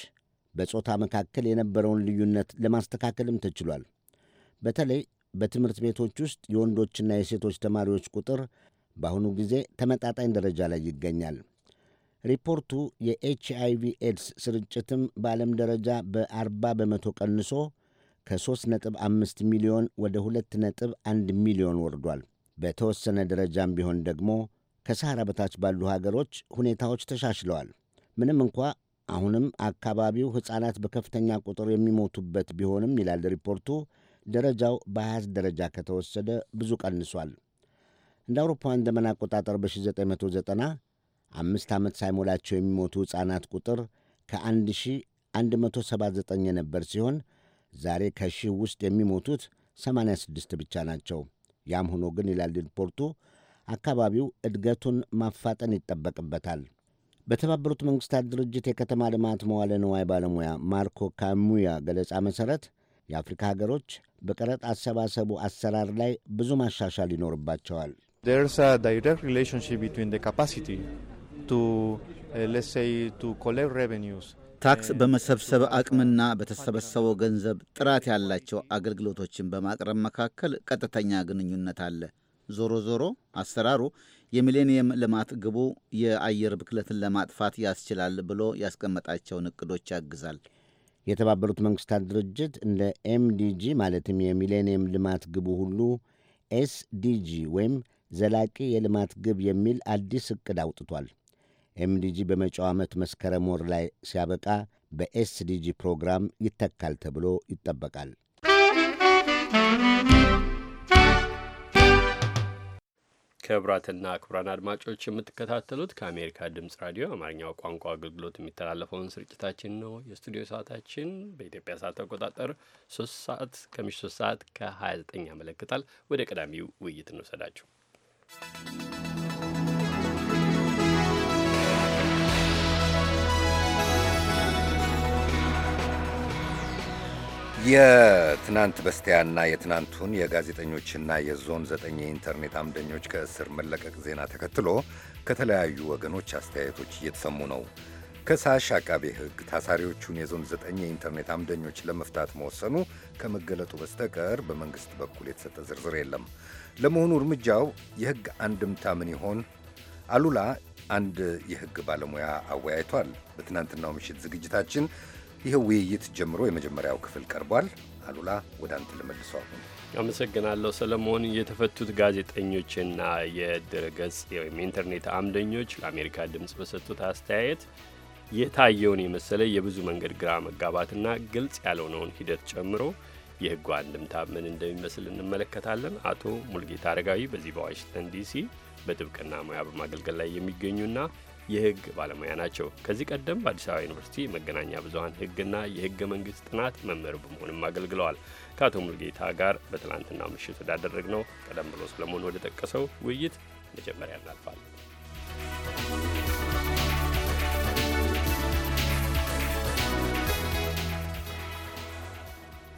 በጾታ መካከል የነበረውን ልዩነት ለማስተካከልም ተችሏል። በተለይ በትምህርት ቤቶች ውስጥ የወንዶችና የሴቶች ተማሪዎች ቁጥር በአሁኑ ጊዜ ተመጣጣኝ ደረጃ ላይ ይገኛል። ሪፖርቱ የኤችአይቪ ኤድስ ስርጭትም በዓለም ደረጃ በ40 በመቶ ቀንሶ ከ3.5 ሚሊዮን ወደ 2.1 ሚሊዮን ወርዷል። በተወሰነ ደረጃም ቢሆን ደግሞ ከሰሃራ በታች ባሉ ሀገሮች ሁኔታዎች ተሻሽለዋል። ምንም እንኳ አሁንም አካባቢው ሕፃናት በከፍተኛ ቁጥር የሚሞቱበት ቢሆንም ይላል ሪፖርቱ፣ ደረጃው በ20 ደረጃ ከተወሰደ ብዙ ቀንሷል። እንደ አውሮፓውያን ዘመን አቆጣጠር በ1990 አምስት ዓመት ሳይሞላቸው የሚሞቱ ሕፃናት ቁጥር ከ1179 የነበር ሲሆን ዛሬ ከሺህ ውስጥ የሚሞቱት 86 ብቻ ናቸው። ያም ሆኖ ግን ይላል ሪፖርቱ አካባቢው እድገቱን ማፋጠን ይጠበቅበታል። በተባበሩት መንግስታት ድርጅት የከተማ ልማት መዋለ ንዋይ ባለሙያ ማርኮ ካሙያ ገለጻ መሠረት የአፍሪካ ሀገሮች በቀረጥ አሰባሰቡ አሰራር ላይ ብዙ ማሻሻል ይኖርባቸዋል። uh, ታክስ በመሰብሰብ አቅምና በተሰበሰበው ገንዘብ ጥራት ያላቸው አገልግሎቶችን በማቅረብ መካከል ቀጥተኛ ግንኙነት አለ። ዞሮ ዞሮ አሰራሩ የሚሌኒየም ልማት ግቡ የአየር ብክለትን ለማጥፋት ያስችላል ብሎ ያስቀመጣቸውን እቅዶች ያግዛል። የተባበሩት መንግስታት ድርጅት እንደ ኤምዲጂ ማለትም የሚሌኒየም ልማት ግቡ ሁሉ ኤስዲጂ ወይም ዘላቂ የልማት ግብ የሚል አዲስ እቅድ አውጥቷል። ኤምዲጂ በመጪው ዓመት መስከረም ወር ላይ ሲያበቃ በኤስዲጂ ፕሮግራም ይተካል ተብሎ ይጠበቃል። ክቡራትና ክቡራን አድማጮች የምትከታተሉት ከአሜሪካ ድምጽ ራዲዮ አማርኛው ቋንቋ አገልግሎት የሚተላለፈውን ስርጭታችን ነው። የስቱዲዮ ሰዓታችን በኢትዮጵያ ሰዓት አቆጣጠር ሶስት ሰዓት ከምሽቱ ሶስት ሰዓት ከ29 ያመለክታል። ወደ ቀዳሚው ውይይት እንወሰዳችሁ። የትናንት በስቲያና የትናንቱን የጋዜጠኞችና የዞን ዘጠኝ የኢንተርኔት አምደኞች ከእስር መለቀቅ ዜና ተከትሎ ከተለያዩ ወገኖች አስተያየቶች እየተሰሙ ነው። ከሳሽ አቃቤ ሕግ ታሳሪዎቹን የዞን ዘጠኝ የኢንተርኔት አምደኞች ለመፍታት መወሰኑ ከመገለጡ በስተቀር በመንግሥት በኩል የተሰጠ ዝርዝር የለም። ለመሆኑ እርምጃው የሕግ አንድምታ ምን ይሆን? አሉላ አንድ የሕግ ባለሙያ አወያይቷል። በትናንትናው ምሽት ዝግጅታችን ይኸው ውይይት ጀምሮ የመጀመሪያው ክፍል ቀርቧል። አሉላ ወደ አንተ ልመልሰው አመሰግናለሁ ሰለሞን። የተፈቱት ጋዜጠኞችና የድረገጽ ወይም ኢንተርኔት አምደኞች ለአሜሪካ ድምፅ በሰጡት አስተያየት የታየውን የመሰለ የብዙ መንገድ ግራ መጋባትና ግልጽ ያልሆነውን ሂደት ጨምሮ የሕጉ አንድምታ ምን እንደሚመስል እንመለከታለን። አቶ ሙልጌታ አረጋዊ በዚህ በዋሽንግተን ዲሲ በጥብቅና ሙያ በማገልገል ላይ የሚገኙና የህግ ባለሙያ ናቸው። ከዚህ ቀደም በአዲስ አበባ ዩኒቨርሲቲ መገናኛ ብዙሀን ህግና የህገ መንግስት ጥናት መምህር በመሆንም አገልግለዋል። ከአቶ ሙልጌታ ጋር በትላንትናው ምሽት ወዳደረግ ነው ቀደም ብሎ ሰለሞን ወደ ጠቀሰው ውይይት መጀመሪያ እናልፋለን።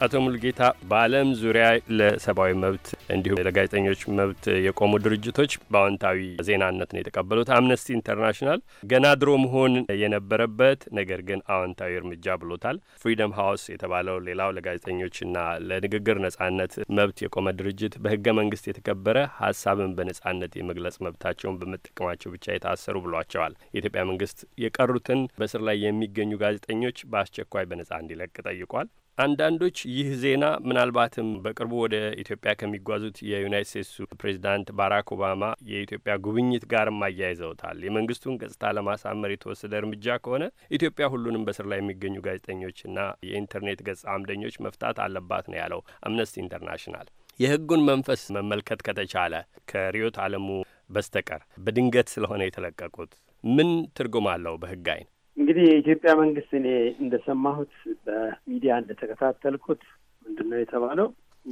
አቶ ሙልጌታ በዓለም ዙሪያ ለሰብአዊ መብት እንዲሁም ለጋዜጠኞች መብት የቆሙ ድርጅቶች በአዎንታዊ ዜናነት ነው የተቀበሉት። አምነስቲ ኢንተርናሽናል ገና ድሮ መሆን የነበረበት ነገር ግን አዎንታዊ እርምጃ ብሎታል። ፍሪደም ሃውስ የተባለው ሌላው ለጋዜጠኞችና ለንግግር ነጻነት መብት የቆመ ድርጅት በህገ መንግስት የተከበረ ሀሳብን በነጻነት የመግለጽ መብታቸውን በመጠቀማቸው ብቻ የታሰሩ ብሏቸዋል። የኢትዮጵያ መንግስት የቀሩትን በስር ላይ የሚገኙ ጋዜጠኞች በአስቸኳይ በነጻ እንዲለቅ ጠይቋል። አንዳንዶች ይህ ዜና ምናልባትም በቅርቡ ወደ ኢትዮጵያ ከሚጓዙት የዩናይት ስቴትሱ ፕሬዚዳንት ባራክ ኦባማ የኢትዮጵያ ጉብኝት ጋርም አያይዘውታል። የመንግስቱን ገጽታ ለማሳመር የተወሰደ እርምጃ ከሆነ ኢትዮጵያ ሁሉንም በስር ላይ የሚገኙ ጋዜጠኞችና የኢንተርኔት ገጽ አምደኞች መፍታት አለባት ነው ያለው አምነስቲ ኢንተርናሽናል። የህጉን መንፈስ መመልከት ከተቻለ ከሪዮት አለሙ በስተቀር በድንገት ስለሆነ የተለቀቁት ምን ትርጉም አለው በህግ አይን? እንግዲህ የኢትዮጵያ መንግስት እኔ እንደሰማሁት በሚዲያ እንደተከታተልኩት ምንድን ነው የተባለው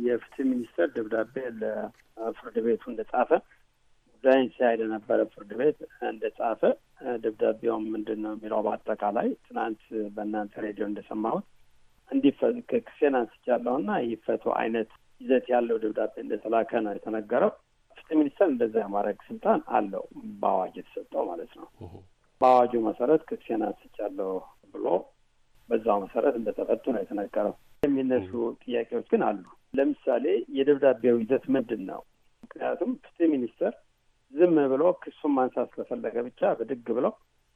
የፍትህ ሚኒስቴር ደብዳቤ ለፍርድ ቤቱ እንደጻፈ ጉዳይን ሲያይደ ነበረ ፍርድ ቤት እንደጻፈ ደብዳቤውም ምንድን ነው የሚለው በአጠቃላይ ትናንት በእናንተ ሬዲዮ እንደሰማሁት እንዲፈ- ክሴን አንስቻለሁ እና ይፈቱ አይነት ይዘት ያለው ደብዳቤ እንደተላከ ነው የተነገረው። ፍትህ ሚኒስተር እንደዚያ ማድረግ ስልጣን አለው በአዋጅ የተሰጠው ማለት ነው። በአዋጁ መሰረት ክሴን አንስቻለሁ ብሎ በዛው መሰረት እንደተፈቱ ነው የተነገረው። የሚነሱ ጥያቄዎች ግን አሉ። ለምሳሌ የደብዳቤው ይዘት ምንድን ነው? ምክንያቱም ፍትህ ሚኒስቴር ዝም ብሎ ክሱን ማንሳት ስለፈለገ ብቻ በድግ ብለው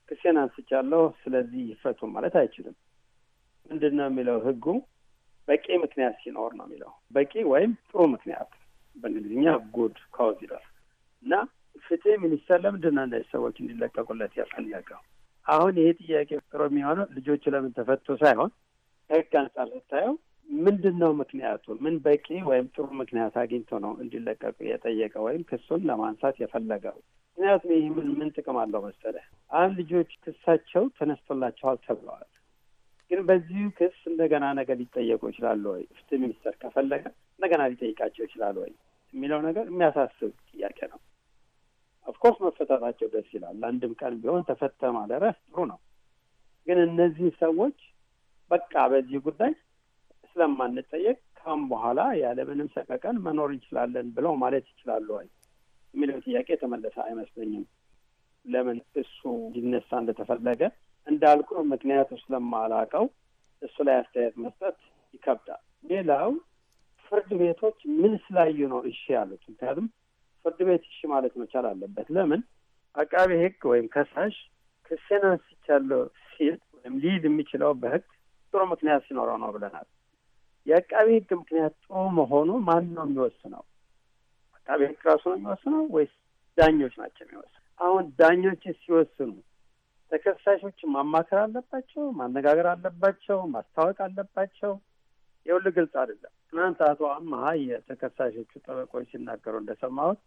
ክሴን አንስቻለሁ ስለዚህ ይፈቱ ማለት አይችልም። ምንድን ነው የሚለው ህጉ? በቂ ምክንያት ሲኖር ነው የሚለው። በቂ ወይም ጥሩ ምክንያት በእንግሊዝኛ ጉድ ካውዝ ይላል እና ፍትህ ሚኒስተር ለምንድን ነው እነዚህ ሰዎች እንዲለቀቁለት የፈለገው? አሁን ይሄ ጥያቄ ጥሩ የሚሆነው ልጆቹ ለምን ተፈቶ ሳይሆን ህግ አንጻር ስታየው ምንድን ነው ምክንያቱ? ምን በቂ ወይም ጥሩ ምክንያት አግኝቶ ነው እንዲለቀቁ የጠየቀ ወይም ክሱን ለማንሳት የፈለገው? ምክንያቱም ይህ ምን ምን ጥቅም አለው መሰለህ? አሁን ልጆች ክሳቸው ተነስቶላቸዋል ተብለዋል። ግን በዚሁ ክስ እንደገና ነገ ሊጠየቁ ይችላሉ ወይ? ፍትህ ሚኒስተር ከፈለገ እንደገና ሊጠይቃቸው ይችላሉ ወይ የሚለው ነገር የሚያሳስብ ጥያቄ ነው። ኦፍኮርስ መፈታታቸው ደስ ይላል። ለአንድም ቀን ቢሆን ተፈተ ለረስ ጥሩ ነው። ግን እነዚህ ሰዎች በቃ በዚህ ጉዳይ ስለማንጠየቅ ካም በኋላ ያለምንም ሰቀቀን መኖር እንችላለን ብለው ማለት ይችላሉ ወይ የሚለው ጥያቄ የተመለሰ አይመስለኝም። ለምን እሱ እንዲነሳ እንደተፈለገ እንዳልኩ ምክንያቱ ስለማላቀው እሱ ላይ አስተያየት መስጠት ይከብዳል። ሌላው ፍርድ ቤቶች ምን ስላዩ ነው እሺ ያሉት? ምክንያቱም ፍርድ ቤት እሺ ማለት መቻል አለበት። ለምን አቃቤ ሕግ ወይም ከሳሽ ክሴን አንስቻለሁ ሲል ወይም ሊይዝ የሚችለው በሕግ ጥሩ ምክንያት ሲኖረው ነው ብለናል። የአቃቤ ሕግ ምክንያት ጥሩ መሆኑ ማን ነው የሚወስነው? አቃቤ ሕግ ራሱ ነው የሚወስነው ወይስ ዳኞች ናቸው የሚወስ አሁን ዳኞች ሲወስኑ ተከሳሾች ማማከር አለባቸው፣ ማነጋገር አለባቸው፣ ማስታወቅ አለባቸው፣ የሁሉ ግልጽ አይደለም። ትናንት አቶ አመሀ የተከሳሾቹ ጠበቆች ሲናገሩ እንደሰማሁት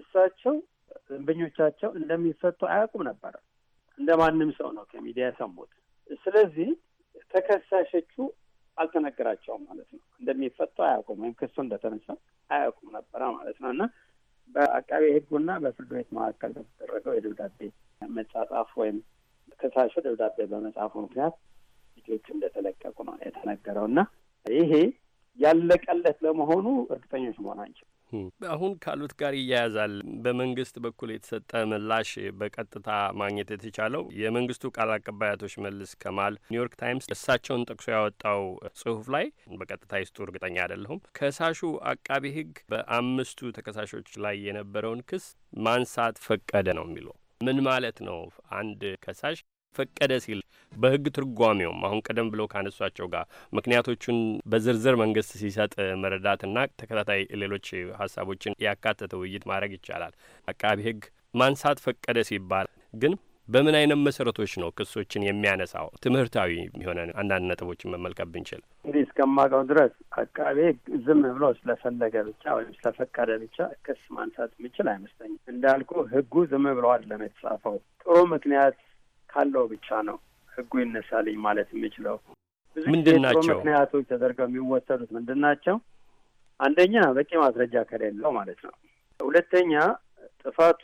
እሳቸው ደንበኞቻቸው እንደሚፈቱ አያውቁም ነበረ። እንደ ማንም ሰው ነው ከሚዲያ የሰሙት። ስለዚህ ተከሳሾቹ አልተነገራቸውም ማለት ነው። እንደሚፈቱ አያውቁም ወይም ክሱ እንደተነሳ አያውቁም ነበረ ማለት ነው እና በአቃቤ ሕጉና በፍርድ ቤት መካከል በተደረገው የደብዳቤ መጻጻፍ ወይም ከሳሹ ደብዳቤ በመጻፉ ምክንያት ልጆቹ እንደተለቀቁ ነው የተነገረው እና ይሄ ያለቀለት ለመሆኑ እርግጠኞች መሆን አንችል። አሁን ካሉት ጋር ይያያዛል። በመንግስት በኩል የተሰጠ ምላሽ በቀጥታ ማግኘት የተቻለው የመንግስቱ ቃል አቀባይ አቶ ሽመልስ ከማል ኒውዮርክ ታይምስ እሳቸውን ጠቅሶ ያወጣው ጽሁፍ ላይ በቀጥታ ይስጡ እርግጠኛ አይደለሁም። ከሳሹ አቃቢ ህግ በአምስቱ ተከሳሾች ላይ የነበረውን ክስ ማንሳት ፈቀደ ነው የሚለው ምን ማለት ነው? አንድ ከሳሽ ፈቀደ ሲል በህግ ትርጓሜውም አሁን ቀደም ብሎ ካነሷቸው ጋር ምክንያቶቹን በዝርዝር መንግስት ሲሰጥ መረዳትና ተከታታይ ሌሎች ሀሳቦችን ያካተተ ውይይት ማድረግ ይቻላል። አቃቢ ህግ ማንሳት ፈቀደ ሲባል ግን በምን አይነት መሰረቶች ነው ክሶችን የሚያነሳው? ትምህርታዊ የሆነ አንዳንድ ነጥቦችን መመልከት ብንችል። እንግዲህ እስከማውቀው ድረስ አቃቤ ዝም ብሎ ስለፈለገ ብቻ ወይም ስለፈቀደ ብቻ ክስ ማንሳት የሚችል አይመስለኝም። እንዳልኩ ህጉ ዝም ብሎ አይደለም የተጻፈው። ጥሩ ምክንያት ካለው ብቻ ነው ህጉ ይነሳልኝ ማለት የሚችለው። ብዙ ምንድን ናቸው ምክንያቶች ተደርገው የሚወሰዱት ምንድን ናቸው? አንደኛ በቂ ማስረጃ ከሌለው ማለት ነው። ሁለተኛ ጥፋቱ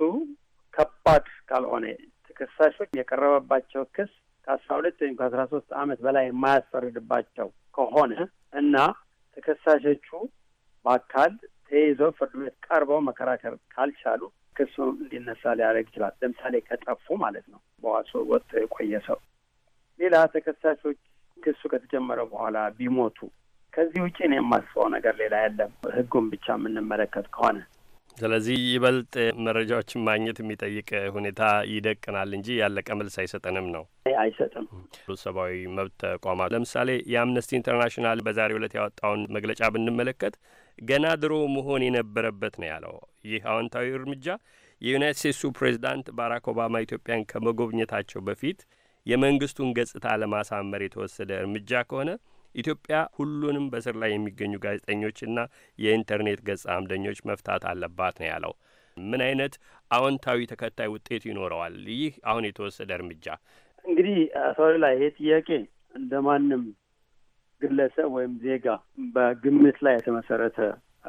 ከባድ ካልሆነ ተከሳሾች የቀረበባቸው ክስ ከአስራ ሁለት ወይም ከአስራ ሶስት ዓመት በላይ የማያስፈርድባቸው ከሆነ እና ተከሳሾቹ በአካል ተይዘው ፍርድ ቤት ቀርበው መከራከር ካልቻሉ ክሱ እንዲነሳ ሊያደርግ ይችላል። ለምሳሌ ከጠፉ ማለት ነው፣ በዋሶ ወጥቶ የቆየ ሰው። ሌላ ተከሳሾች ክሱ ከተጀመረ በኋላ ቢሞቱ። ከዚህ ውጭ ነው የማስበው ነገር ሌላ የለም፣ ህጉን ብቻ የምንመለከት ከሆነ ስለዚህ ይበልጥ መረጃዎችን ማግኘት የሚጠይቅ ሁኔታ ይደቅናል እንጂ ያለቀ መልስ አይሰጠንም ነው አይሰጥም። ሰብአዊ መብት ተቋማት ለምሳሌ የአምነስቲ ኢንተርናሽናል በዛሬው ዕለት ያወጣውን መግለጫ ብንመለከት ገና ድሮ መሆን የነበረበት ነው ያለው። ይህ አዎንታዊ እርምጃ የዩናይት ስቴትሱ ፕሬዚዳንት ባራክ ኦባማ ኢትዮጵያን ከመጎብኘታቸው በፊት የመንግስቱን ገጽታ ለማሳመር የተወሰደ እርምጃ ከሆነ ኢትዮጵያ ሁሉንም በስር ላይ የሚገኙ ጋዜጠኞችና የኢንተርኔት ገጽ አምደኞች መፍታት አለባት ነው ያለው። ምን አይነት አዎንታዊ ተከታይ ውጤት ይኖረዋል ይህ አሁን የተወሰደ እርምጃ? እንግዲህ አቶ ላይ ይሄ ጥያቄ እንደ ማንም ግለሰብ ወይም ዜጋ በግምት ላይ የተመሰረተ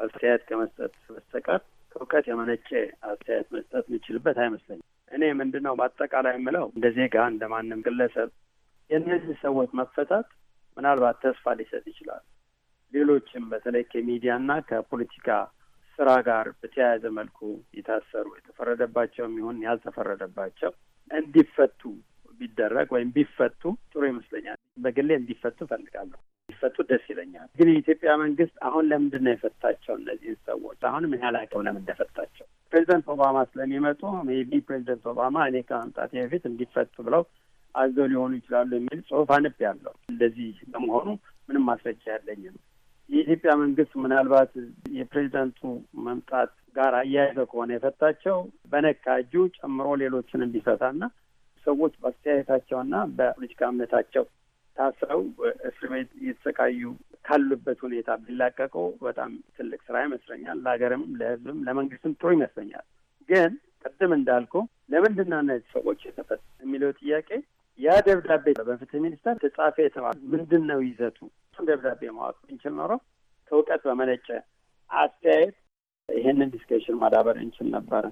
አስተያየት ከመስጠት በስተቀር ከእውቀት የመነጨ አስተያየት መስጠት የሚችልበት አይመስለኝም። እኔ ምንድን ነው በአጠቃላይ የምለው እንደ ዜጋ እንደ ማንም ግለሰብ የእነዚህ ሰዎች መፈታት ምናልባት ተስፋ ሊሰጥ ይችላል። ሌሎችም በተለይ ከሚዲያና ከፖለቲካ ስራ ጋር በተያያዘ መልኩ የታሰሩ የተፈረደባቸውም ይሁን ያልተፈረደባቸው እንዲፈቱ ቢደረግ ወይም ቢፈቱ ጥሩ ይመስለኛል። በግሌ እንዲፈቱ እፈልጋለሁ። ይፈቱ ደስ ይለኛል። ግን የኢትዮጵያ መንግስት አሁን ለምንድን ነው የፈታቸው እነዚህን ሰዎች? ምን ያህል አቅም ለምን እንደፈታቸው። ፕሬዚደንት ኦባማ ስለሚመጡ ቢ ፕሬዚደንት ኦባማ እኔ ከመምጣት በፊት እንዲፈቱ ብለው አዘው ሊሆኑ ይችላሉ የሚል ጽሁፍ አንብ ያለው እንደዚህ በመሆኑ ምንም ማስረጃ ያለኝም። የኢትዮጵያ መንግስት ምናልባት የፕሬዚደንቱ መምጣት ጋር አያይዘው ከሆነ የፈታቸው በነካ እጁ ጨምሮ ሌሎችን ቢፈታና ሰዎች በአስተያየታቸውና በፖለቲካ እምነታቸው ታስረው እስር ቤት እየተሰቃዩ ካሉበት ሁኔታ ቢላቀቁ በጣም ትልቅ ስራ ይመስለኛል። ለሀገርም፣ ለህዝብም ለመንግስትም ጥሩ ይመስለኛል። ግን ቅድም እንዳልኩ ለምንድን ነው እነዚህ ሰዎች የተፈት የሚለው ጥያቄ ያ ደብዳቤ በፍትህ ሚኒስቴር ተጻፈ የተባለ ምንድን ነው ይዘቱ? እሱን ደብዳቤ ማወቅ እንችል ኖሮ ከእውቀት በመነጨ አስተያየት ይህንን ዲስከሽን ማዳበር እንችል ነበረ።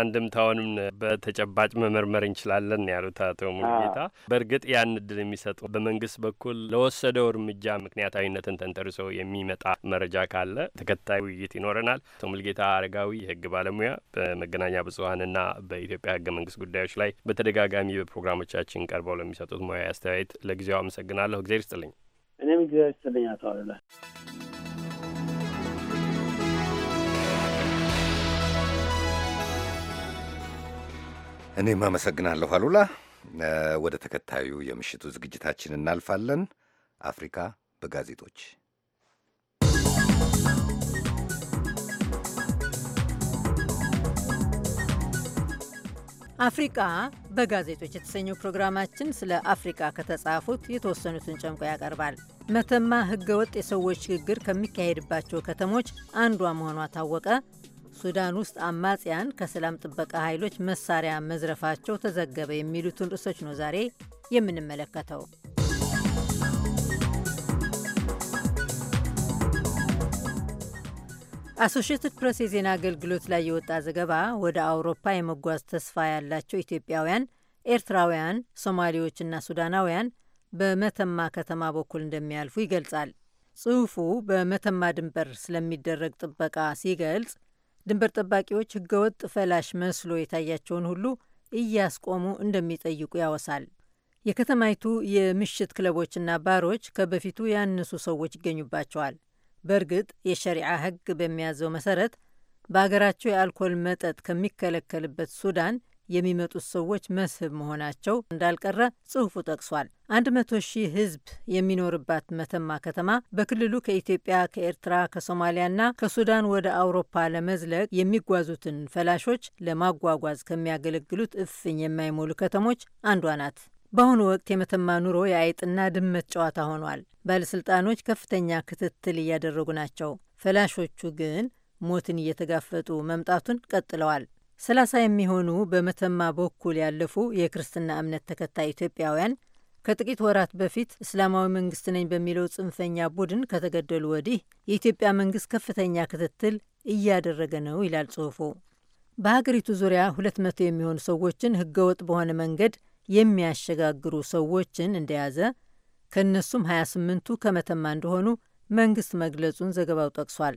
አንድምታውንም በተጨባጭ መመርመር እንችላለን ያሉት አቶ ሙሉጌታ በእርግጥ ያን እድል የሚሰጡ በመንግስት በኩል ለወሰደው እርምጃ ምክንያታዊነትን ተንተርሶ የሚመጣ መረጃ ካለ ተከታይ ውይይት ይኖረናል። አቶ ሙሉጌታ አረጋዊ የህግ ባለሙያ በመገናኛ ብዙሀንና በኢትዮጵያ ህገ መንግስት ጉዳዮች ላይ በተደጋጋሚ በፕሮግራሞቻችን ቀርበው ለሚሰጡት ሙያዊ አስተያየት ለጊዜው አመሰግናለሁ። እግዜር ይስጥልኝ። እኔም እግዜር ይስጥልኝ አቶ አሉላ። እኔም አመሰግናለሁ አሉላ። ወደ ተከታዩ የምሽቱ ዝግጅታችን እናልፋለን። አፍሪካ በጋዜጦች አፍሪቃ በጋዜጦች የተሰኘው ፕሮግራማችን ስለ አፍሪቃ ከተጻፉት የተወሰኑትን ጨምቆ ያቀርባል። መተማ ህገወጥ የሰዎች ሽግግር ከሚካሄድባቸው ከተሞች አንዷ መሆኗ ታወቀ። ሱዳን ውስጥ አማጽያን ከሰላም ጥበቃ ኃይሎች መሳሪያ መዝረፋቸው ተዘገበ የሚሉትን ርዕሶች ነው ዛሬ የምንመለከተው። አሶሽትድ ፕሬስ የዜና አገልግሎት ላይ የወጣ ዘገባ ወደ አውሮፓ የመጓዝ ተስፋ ያላቸው ኢትዮጵያውያን፣ ኤርትራውያን፣ ሶማሌዎችና ሱዳናውያን በመተማ ከተማ በኩል እንደሚያልፉ ይገልጻል። ጽሑፉ በመተማ ድንበር ስለሚደረግ ጥበቃ ሲገልጽ ድንበር ጠባቂዎች ህገወጥ ፈላሽ መስሎ የታያቸውን ሁሉ እያስቆሙ እንደሚጠይቁ ያወሳል። የከተማይቱ የምሽት ክለቦችና ባሮች ከበፊቱ ያነሱ ሰዎች ይገኙባቸዋል። በእርግጥ የሸሪዓ ህግ በሚያዘው መሰረት በአገራቸው የአልኮል መጠጥ ከሚከለከልበት ሱዳን የሚመጡት ሰዎች መስህብ መሆናቸው እንዳልቀረ ጽሑፉ ጠቅሷል። አንድ መቶ ሺህ ህዝብ የሚኖርባት መተማ ከተማ በክልሉ ከኢትዮጵያ፣ ከኤርትራ፣ ከሶማሊያና ከሱዳን ወደ አውሮፓ ለመዝለቅ የሚጓዙትን ፈላሾች ለማጓጓዝ ከሚያገለግሉት እፍኝ የማይሞሉ ከተሞች አንዷ ናት። በአሁኑ ወቅት የመተማ ኑሮ የአይጥና ድመት ጨዋታ ሆኗል። ባለሥልጣኖች ከፍተኛ ክትትል እያደረጉ ናቸው። ፈላሾቹ ግን ሞትን እየተጋፈጡ መምጣቱን ቀጥለዋል። ሰላሳ የሚሆኑ በመተማ በኩል ያለፉ የክርስትና እምነት ተከታይ ኢትዮጵያውያን ከጥቂት ወራት በፊት እስላማዊ መንግስት ነኝ በሚለው ጽንፈኛ ቡድን ከተገደሉ ወዲህ የኢትዮጵያ መንግስት ከፍተኛ ክትትል እያደረገ ነው ይላል ጽሑፉ። በሀገሪቱ ዙሪያ ሁለት መቶ የሚሆኑ ሰዎችን ህገወጥ በሆነ መንገድ የሚያሸጋግሩ ሰዎችን እንደያዘ፣ ከእነሱም 28ቱ ከመተማ እንደሆኑ መንግስት መግለጹን ዘገባው ጠቅሷል።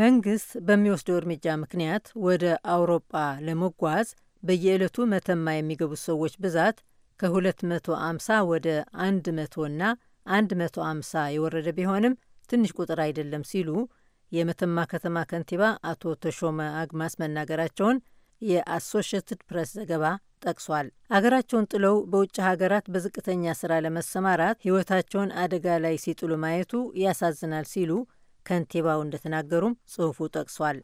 መንግስት በሚወስደው እርምጃ ምክንያት ወደ አውሮጳ ለመጓዝ በየዕለቱ መተማ የሚገቡት ሰዎች ብዛት ከ250 ወደ 100ና 150 የወረደ ቢሆንም ትንሽ ቁጥር አይደለም ሲሉ የመተማ ከተማ ከንቲባ አቶ ተሾመ አግማስ መናገራቸውን የአሶሽትድ ፕሬስ ዘገባ ጠቅሷል። አገራቸውን ጥለው በውጭ ሀገራት በዝቅተኛ ስራ ለመሰማራት ህይወታቸውን አደጋ ላይ ሲጥሉ ማየቱ ያሳዝናል ሲሉ ከንቲባው እንደተናገሩም ጽሑፉ ጠቅሷል።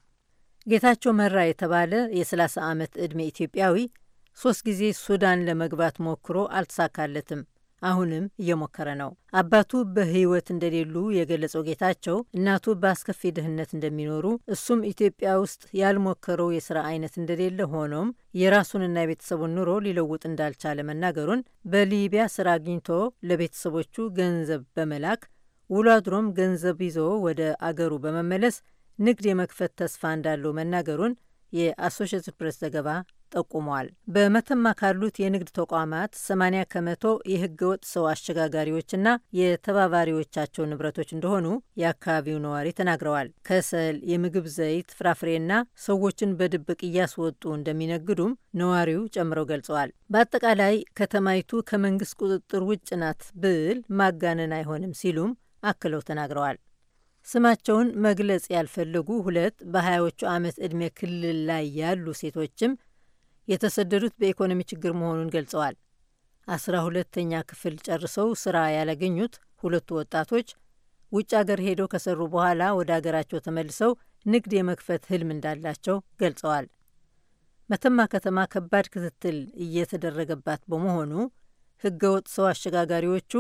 ጌታቸው መራ የተባለ የ30 ዓመት ዕድሜ ኢትዮጵያዊ ሶስት ጊዜ ሱዳን ለመግባት ሞክሮ አልተሳካለትም። አሁንም እየሞከረ ነው። አባቱ በሕይወት እንደሌሉ የገለጸው ጌታቸው እናቱ በአስከፊ ድህነት እንደሚኖሩ፣ እሱም ኢትዮጵያ ውስጥ ያልሞከረው የሥራ አይነት እንደሌለ፣ ሆኖም የራሱንና የቤተሰቡን ኑሮ ሊለውጥ እንዳልቻለ መናገሩን፣ በሊቢያ ሥራ አግኝቶ ለቤተሰቦቹ ገንዘብ በመላክ ውሎ አድሮም ገንዘብ ይዞ ወደ አገሩ በመመለስ ንግድ የመክፈት ተስፋ እንዳለው መናገሩን የአሶሽየትድ ፕሬስ ዘገባ ጠቁሟል። በመተማ ካሉት የንግድ ተቋማት 80 ከመቶ የህገወጥ ሰው አሸጋጋሪዎችና የተባባሪዎቻቸው ንብረቶች እንደሆኑ የአካባቢው ነዋሪ ተናግረዋል። ከሰል፣ የምግብ ዘይት፣ ፍራፍሬና ሰዎችን በድብቅ እያስወጡ እንደሚነግዱም ነዋሪው ጨምረው ገልጸዋል። በአጠቃላይ ከተማይቱ ከመንግስት ቁጥጥር ውጭ ናት ብል ማጋነን አይሆንም ሲሉም አክለው ተናግረዋል። ስማቸውን መግለጽ ያልፈለጉ ሁለት በሀያዎቹ ዓመት ዕድሜ ክልል ላይ ያሉ ሴቶችም የተሰደዱት በኢኮኖሚ ችግር መሆኑን ገልጸዋል። አስራ ሁለተኛ ክፍል ጨርሰው ስራ ያላገኙት ሁለቱ ወጣቶች ውጭ አገር ሄደው ከሰሩ በኋላ ወደ አገራቸው ተመልሰው ንግድ የመክፈት ህልም እንዳላቸው ገልጸዋል። መተማ ከተማ ከባድ ክትትል እየተደረገባት በመሆኑ ህገወጥ ሰው አሸጋጋሪዎቹ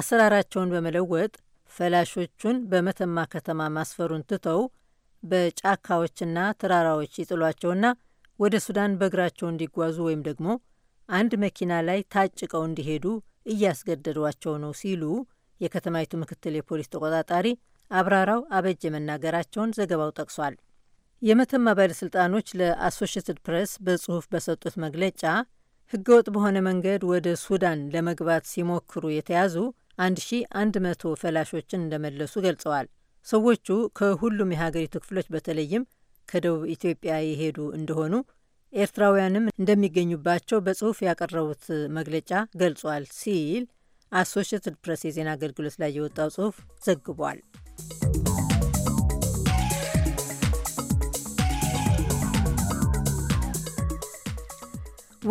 አሰራራቸውን በመለወጥ ፈላሾቹን በመተማ ከተማ ማስፈሩን ትተው በጫካዎችና ተራራዎች ይጥሏቸውና ወደ ሱዳን በእግራቸው እንዲጓዙ ወይም ደግሞ አንድ መኪና ላይ ታጭቀው እንዲሄዱ እያስገደዷቸው ነው ሲሉ የከተማይቱ ምክትል የፖሊስ ተቆጣጣሪ አብራራው አበጀ መናገራቸውን ዘገባው ጠቅሷል። የመተማ ባለሥልጣኖች ለአሶሽትድ ፕሬስ በጽሑፍ በሰጡት መግለጫ ሕገወጥ በሆነ መንገድ ወደ ሱዳን ለመግባት ሲሞክሩ የተያዙ 1100 ፈላሾችን እንደመለሱ ገልጸዋል። ሰዎቹ ከሁሉም የሀገሪቱ ክፍሎች በተለይም ከደቡብ ኢትዮጵያ የሄዱ እንደሆኑ ኤርትራውያንም እንደሚገኙባቸው በጽሑፍ ያቀረቡት መግለጫ ገልጿል ሲል አሶሽትድ ፕሬስ የዜና አገልግሎት ላይ የወጣው ጽሑፍ ዘግቧል።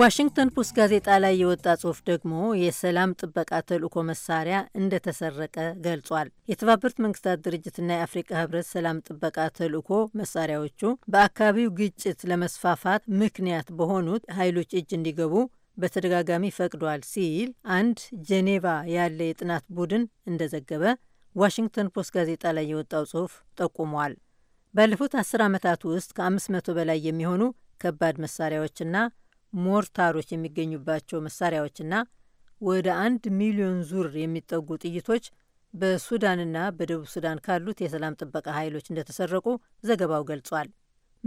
ዋሽንግተን ፖስት ጋዜጣ ላይ የወጣ ጽሁፍ ደግሞ የሰላም ጥበቃ ተልእኮ መሳሪያ እንደተሰረቀ ገልጿል። የተባበሩት መንግስታት ድርጅትና የአፍሪካ ህብረት ሰላም ጥበቃ ተልእኮ መሳሪያዎቹ በአካባቢው ግጭት ለመስፋፋት ምክንያት በሆኑት ኃይሎች እጅ እንዲገቡ በተደጋጋሚ ፈቅዷል ሲል አንድ ጄኔቫ ያለ የጥናት ቡድን እንደዘገበ ዋሽንግተን ፖስት ጋዜጣ ላይ የወጣው ጽሑፍ ጠቁሟል። ባለፉት አስር ዓመታት ውስጥ ከአምስት መቶ በላይ የሚሆኑ ከባድ መሳሪያዎችና ሞርታሮች የሚገኙባቸው መሳሪያዎችና ወደ አንድ ሚሊዮን ዙር የሚጠጉ ጥይቶች በሱዳንና በደቡብ ሱዳን ካሉት የሰላም ጥበቃ ኃይሎች እንደተሰረቁ ዘገባው ገልጿል።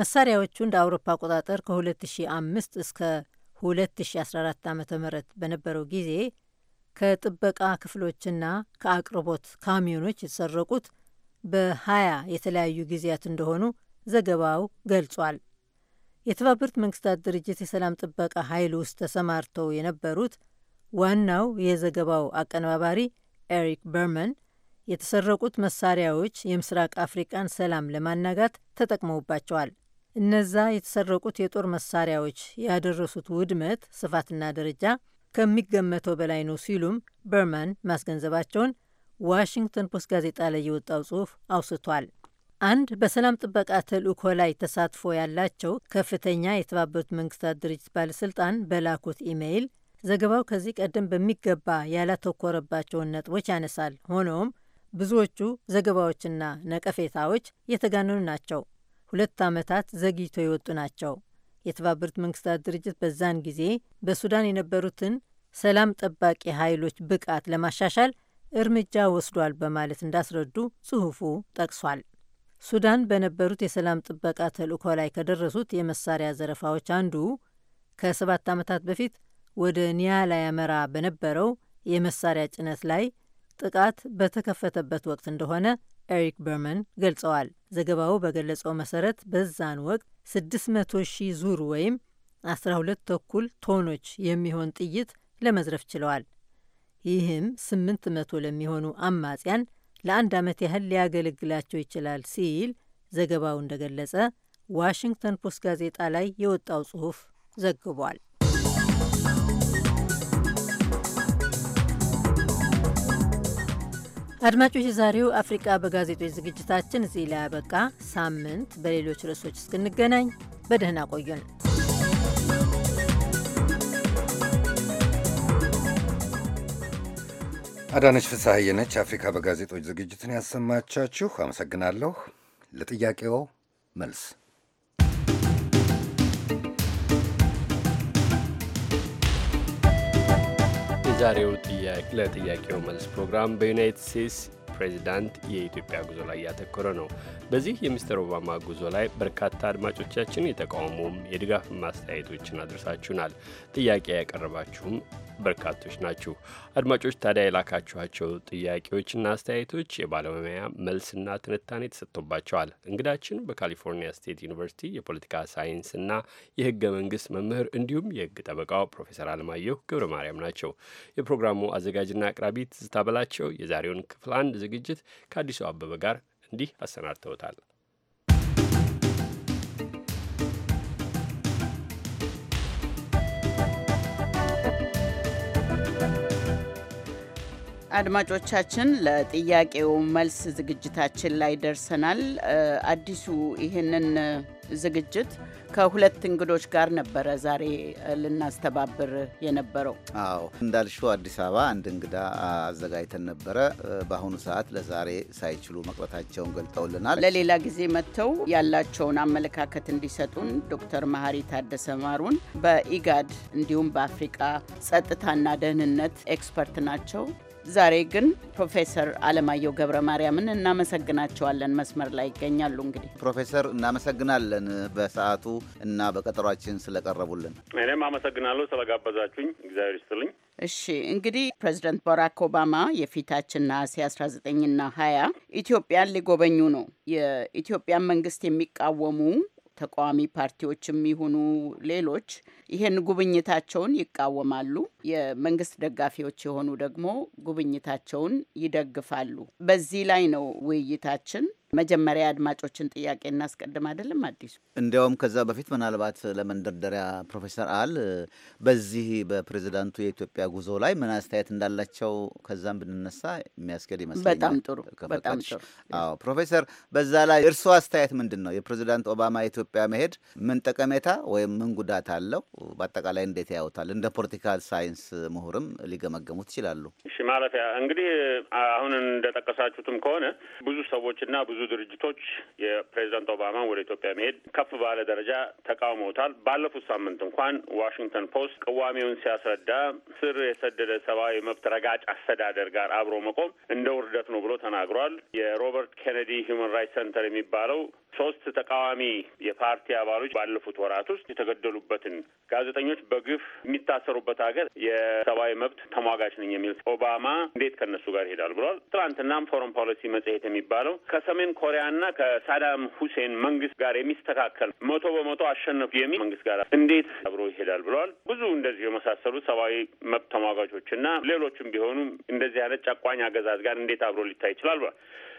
መሳሪያዎቹ እንደ አውሮፓ አቆጣጠር ከ2005 እስከ 2014 ዓ ም በነበረው ጊዜ ከጥበቃ ክፍሎችና ከአቅርቦት ካሚዮኖች የተሰረቁት በ20 የተለያዩ ጊዜያት እንደሆኑ ዘገባው ገልጿል። የተባበሩት መንግስታት ድርጅት የሰላም ጥበቃ ኃይል ውስጥ ተሰማርተው የነበሩት ዋናው የዘገባው አቀነባባሪ ኤሪክ በርመን የተሰረቁት መሳሪያዎች የምስራቅ አፍሪቃን ሰላም ለማናጋት ተጠቅመውባቸዋል። እነዛ የተሰረቁት የጦር መሳሪያዎች ያደረሱት ውድመት ስፋትና ደረጃ ከሚገመተው በላይ ነው ሲሉም በርመን ማስገንዘባቸውን ዋሽንግተን ፖስት ጋዜጣ ላይ የወጣው ጽሑፍ አውስቷል። አንድ በሰላም ጥበቃ ተልእኮ ላይ ተሳትፎ ያላቸው ከፍተኛ የተባበሩት መንግስታት ድርጅት ባለስልጣን በላኩት ኢሜይል ዘገባው ከዚህ ቀደም በሚገባ ያላተኮረባቸውን ነጥቦች ያነሳል። ሆኖም ብዙዎቹ ዘገባዎችና ነቀፌታዎች የተጋነኑ ናቸው፣ ሁለት ዓመታት ዘግይቶ የወጡ ናቸው። የተባበሩት መንግስታት ድርጅት በዛን ጊዜ በሱዳን የነበሩትን ሰላም ጠባቂ ኃይሎች ብቃት ለማሻሻል እርምጃ ወስዷል በማለት እንዳስረዱ ጽሑፉ ጠቅሷል። ሱዳን በነበሩት የሰላም ጥበቃ ተልእኮ ላይ ከደረሱት የመሳሪያ ዘረፋዎች አንዱ ከሰባት ዓመታት በፊት ወደ ኒያላ ያመራ በነበረው የመሳሪያ ጭነት ላይ ጥቃት በተከፈተበት ወቅት እንደሆነ ኤሪክ በርመን ገልጸዋል። ዘገባው በገለጸው መሰረት በዛን ወቅት 600 ሺህ ዙር ወይም 12 ተኩል ቶኖች የሚሆን ጥይት ለመዝረፍ ችለዋል። ይህም 800 ለሚሆኑ አማጽያን ለአንድ ዓመት ያህል ሊያገለግላቸው ይችላል ሲል ዘገባው እንደገለጸ ዋሽንግተን ፖስት ጋዜጣ ላይ የወጣው ጽሑፍ ዘግቧል። አድማጮች፣ የዛሬው አፍሪቃ በጋዜጦች ዝግጅታችን እዚህ ላይ ያበቃ። ሳምንት በሌሎች ርዕሶች እስክንገናኝ በደህና ቆዩን። አዳነች ፍስሐዬ ነች አፍሪካ በጋዜጦች ዝግጅትን ያሰማቻችሁ። አመሰግናለሁ። ለጥያቄው መልስ የዛሬው ለጥያቄው መልስ ፕሮግራም በዩናይትድ ስቴትስ ፕሬዚዳንት የኢትዮጵያ ጉዞ ላይ ያተኮረ ነው። በዚህ የሚስተር ኦባማ ጉዞ ላይ በርካታ አድማጮቻችን የተቃውሞም የድጋፍ ማስተያየቶችን አድርሳችሁናል። ጥያቄ ያቀረባችሁም በርካቶች ናችሁ። አድማጮች ታዲያ የላካችኋቸው ጥያቄዎችና አስተያየቶች የባለሙያ መልስና ትንታኔ ተሰጥቶባቸዋል። እንግዳችን በካሊፎርኒያ ስቴት ዩኒቨርሲቲ የፖለቲካ ሳይንስና የህገ መንግስት መምህር እንዲሁም የህግ ጠበቃው ፕሮፌሰር አለማየሁ ገብረ ማርያም ናቸው። የፕሮግራሙ አዘጋጅና አቅራቢ ትዝታ በላቸው የዛሬውን ክፍል አንድ ዝግጅት ከአዲሱ አበበ ጋር እንዲህ አሰናድተውታል። አድማጮቻችን ለጥያቄው መልስ ዝግጅታችን ላይ ደርሰናል። አዲሱ ይህንን ዝግጅት ከሁለት እንግዶች ጋር ነበረ ዛሬ ልናስተባብር የነበረው። አዎ እንዳልሽው አዲስ አበባ አንድ እንግዳ አዘጋጅተን ነበረ። በአሁኑ ሰዓት ለዛሬ ሳይችሉ መቅረታቸውን ገልጠውልናል። ለሌላ ጊዜ መጥተው ያላቸውን አመለካከት እንዲሰጡን ዶክተር መሀሪ ታደሰ ማሩን በኢጋድ እንዲሁም በአፍሪቃ ጸጥታና ደህንነት ኤክስፐርት ናቸው። ዛሬ ግን ፕሮፌሰር አለማየሁ ገብረ ማርያምን እናመሰግናቸዋለን። መስመር ላይ ይገኛሉ። እንግዲህ ፕሮፌሰር እናመሰግናለን በሰዓቱ እና በቀጠሯችን ስለቀረቡልን። እኔም አመሰግናለሁ ስለጋበዛችሁኝ፣ እግዚአብሔር ይስጥልኝ። እሺ እንግዲህ ፕሬዚደንት ባራክ ኦባማ የፊታችን ነሐሴ 19 እና 20 ኢትዮጵያን ሊጎበኙ ነው። የኢትዮጵያን መንግስት የሚቃወሙ ተቃዋሚ ፓርቲዎችም ይሁኑ ሌሎች ይሄን ጉብኝታቸውን ይቃወማሉ። የመንግስት ደጋፊዎች የሆኑ ደግሞ ጉብኝታቸውን ይደግፋሉ። በዚህ ላይ ነው ውይይታችን። መጀመሪያ አድማጮችን ጥያቄ እናስቀድም አይደለም አዲሱ። እንዲያውም ከዛ በፊት ምናልባት ለመንደርደሪያ ፕሮፌሰር አል በዚህ በፕሬዚዳንቱ የኢትዮጵያ ጉዞ ላይ ምን አስተያየት እንዳላቸው ከዛም ብንነሳ የሚያስገድ ይመስለኛል። በጣም ጥሩ በጣም ጥሩ። አዎ ፕሮፌሰር፣ በዛ ላይ እርስዎ አስተያየት ምንድን ነው? የፕሬዚዳንት ኦባማ የኢትዮጵያ መሄድ ምን ጠቀሜታ ወይም ምን ጉዳት አለው? በአጠቃላይ እንዴት ያዩታል? እንደ ፖለቲካል ሳይንስ ምሁርም ሊገመገሙ ትችላሉ። እሺ፣ ማለፊያ እንግዲህ አሁን እንደጠቀሳችሁትም ከሆነ ብዙ ሰዎችና ብዙ ድርጅቶች የፕሬዚዳንት ኦባማን ወደ ኢትዮጵያ መሄድ ከፍ ባለ ደረጃ ተቃውመውታል። ባለፉት ሳምንት እንኳን ዋሽንግተን ፖስት ቅዋሜውን ሲያስረዳ ስር የሰደደ ሰብአዊ መብት ረጋጭ አስተዳደር ጋር አብሮ መቆም እንደ ውርደት ነው ብሎ ተናግሯል። የሮበርት ኬነዲ ሂውማን ራይትስ ሰንተር የሚባለው ሶስት ተቃዋሚ የፓርቲ አባሎች ባለፉት ወራት ውስጥ የተገደሉበትን ጋዜጠኞች በግፍ የሚታሰሩበት ሀገር የሰብአዊ መብት ተሟጋች ነኝ የሚል ኦባማ እንዴት ከነሱ ጋር ይሄዳል ብሏል። ትናንትናም ፎረን ፖሊሲ መጽሔት የሚባለው ከሰሜን ኮሪያና ከሳዳም ሁሴን መንግስት ጋር የሚስተካከል መቶ በመቶ አሸነፉ የሚል መንግስት ጋር እንዴት አብሮ ይሄዳል ብለዋል። ብዙ እንደዚህ የመሳሰሉ ሰብአዊ መብት ተሟጋቾችና ሌሎችም ቢሆኑ እንደዚህ አይነት ጨቋኝ አገዛዝ ጋር እንዴት አብሮ ሊታይ ይችላል ብሏል።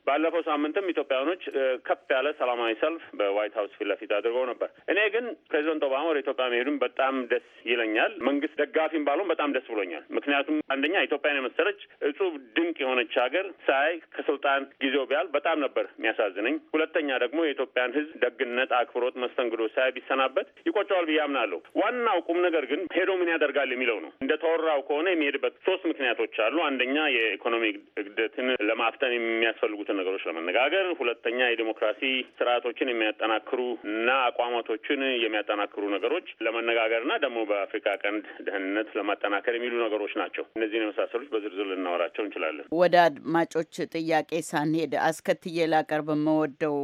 ባለፈው ሳምንትም ኢትዮጵያውያኖች ከፍ ያለ ሰላማዊ ሰልፍ በዋይት ሀውስ ፊት ለፊት አድርገው ነበር። እኔ ግን ፕሬዚደንት ኦባማ ወደ ኢትዮጵያ መሄዱን በጣም ደስ ይለኛል። መንግስት ደጋፊም ባልሆን በጣም ደስ ብሎኛል። ምክንያቱም አንደኛ ኢትዮጵያን የመሰለች እጹብ ድንቅ የሆነች ሀገር ሳይ ከስልጣን ጊዜው ቢያል በጣም ነበር የሚያሳዝነኝ። ሁለተኛ ደግሞ የኢትዮጵያን ህዝብ ደግነት፣ አክብሮት፣ መስተንግዶ ሳይ ቢሰናበት ይቆጨዋል ብዬ አምናለሁ። ዋናው ቁም ነገር ግን ሄዶ ምን ያደርጋል የሚለው ነው። እንደ ተወራው ከሆነ የሚሄድበት ሶስት ምክንያቶች አሉ። አንደኛ የኢኮኖሚ እድገትን ለማፍጠን የሚያስፈልጉትን ነገሮች ለመነጋገር፣ ሁለተኛ የዲሞክራሲ ስርዓቶችን የሚያጠናክሩ እና አቋማቶችን የሚያጠናክሩ ነገሮች ለመነጋገር እና ደግሞ በአፍሪካ ቀንድ ደህንነት ለማጠናከር የሚሉ ነገሮች ናቸው። እነዚህን የመሳሰሉት በዝርዝር ልናወራቸው እንችላለን። ወደ አድማጮች ጥያቄ ሳንሄድ አስከትዬ ላቀርብ የምወደው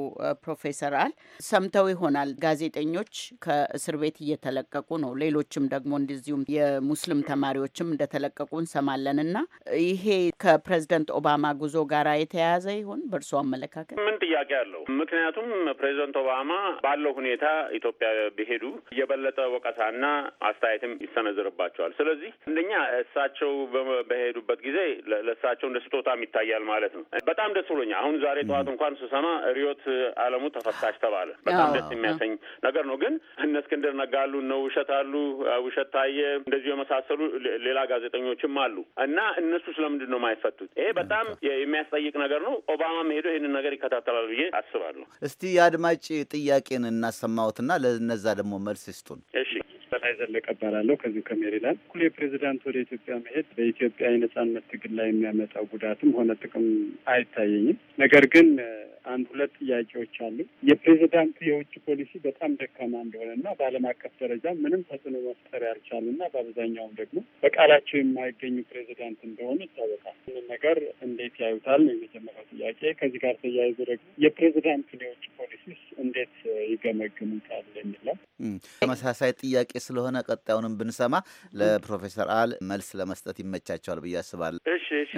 ፕሮፌሰር አል ሰምተው ይሆናል ጋዜጠኞች ከእስር ቤት እየተለቀቁ ነው። ሌሎችም ደግሞ እንደዚሁም የሙስሊም ተማሪዎችም እንደተለቀቁ እንሰማለን እና ይሄ ከፕሬዚደንት ኦባማ ጉዞ ጋር የተያያዘ ይሆን? በእርስዎ አመለካከት ምን ጥያቄ አለው? ምክንያቱም ፕሬዚደንት ኦባማ ባለው ሁኔታ ኢትዮጵያ ቢሄዱ የበለጠ ወቀሳና አስተያየትም ይሰነዝርባቸዋል። ስለዚህ አንደኛ እሳቸው በሄዱበት ጊዜ ለእሳቸው እንደ ስጦታም ይታያል ማለት ነው። በጣም ደስ ብሎኛል። አሁን ዛሬ ጠዋት እንኳን ስሰማ ሪዮት አለሙ ተፈታሽ ተባለ። በጣም ደስ የሚያሰኝ ነገር ነው። ግን እነ እስክንድር ነጋ አሉ፣ እነ ውሸት አሉ፣ ውሸት ታየ፣ እንደዚሁ የመሳሰሉ ሌላ ጋዜጠኞችም አሉ እና እነሱ ስለምንድን ነው የማይፈቱት? ይሄ በጣም የሚያስጠይቅ ነገር ነው። ኦባማ ሄዶ ይህንን ነገር ይከታተላል ብዬ አስባለሁ። እስቲ የአድማጭ ጥያቄን እናሰማውትና ለነዛ ደግሞ መልስ ይስጡን። እሺ በላይ ዘለቀ እባላለሁ ከዚሁ ከሜሪላንድ። ሁሉ የፕሬዚዳንት ወደ ኢትዮጵያ መሄድ በኢትዮጵያ የነጻነት ትግል ላይ የሚያመጣው ጉዳትም ሆነ ጥቅም አይታየኝም። ነገር ግን አንድ ሁለት ጥያቄዎች አሉ። የፕሬዚዳንቱ የውጭ ፖሊሲ በጣም ደካማ እንደሆነ እና በዓለም አቀፍ ደረጃ ምንም ተጽዕኖ መፍጠር ያልቻሉ እና በአብዛኛውም ደግሞ በቃላቸው የማይገኙ ፕሬዚዳንት እንደሆኑ ይታወቃል። ይህንን ነገር እንዴት ያዩታል ነው የመጀመሪያው ጥያቄ። ከዚህ ጋር ተያይዞ ደግሞ የፕሬዚዳንቱን የውጭ ፖሊሲስ እንዴት ይገመግሙታል የሚለው ተመሳሳይ ጥያቄ ስለሆነ ቀጣዩንም ብንሰማ ለፕሮፌሰር አል መልስ ለመስጠት ይመቻቸዋል ብዬ አስባለሁ። እሺ እሺ፣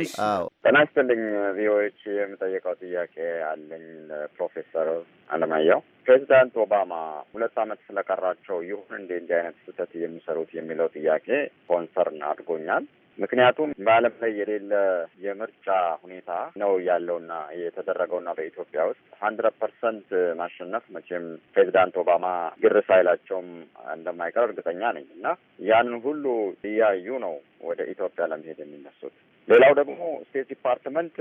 ጤና ይስጥልኝ ቪኦኤዎች። የምጠየቀው ጥያቄ አለኝ ለፕሮፌሰር አለማየሁ ፕሬዚዳንት ኦባማ ሁለት አመት ስለቀራቸው ይሁን እንዴ እንዲህ አይነት ስህተት የሚሰሩት የሚለው ጥያቄ ኮንሰርን አድጎኛል። ምክንያቱም በዓለም ላይ የሌለ የምርጫ ሁኔታ ነው ያለውና የተደረገውና በኢትዮጵያ ውስጥ ሀንድረድ ፐርሰንት ማሸነፍ መቼም ፕሬዚዳንት ኦባማ ግር ሳይላቸውም እንደማይቀር እርግጠኛ ነኝ እና ያንን ሁሉ እያዩ ነው ወደ ኢትዮጵያ ለመሄድ የሚነሱት። ሌላው ደግሞ ስቴት ዲፓርትመንት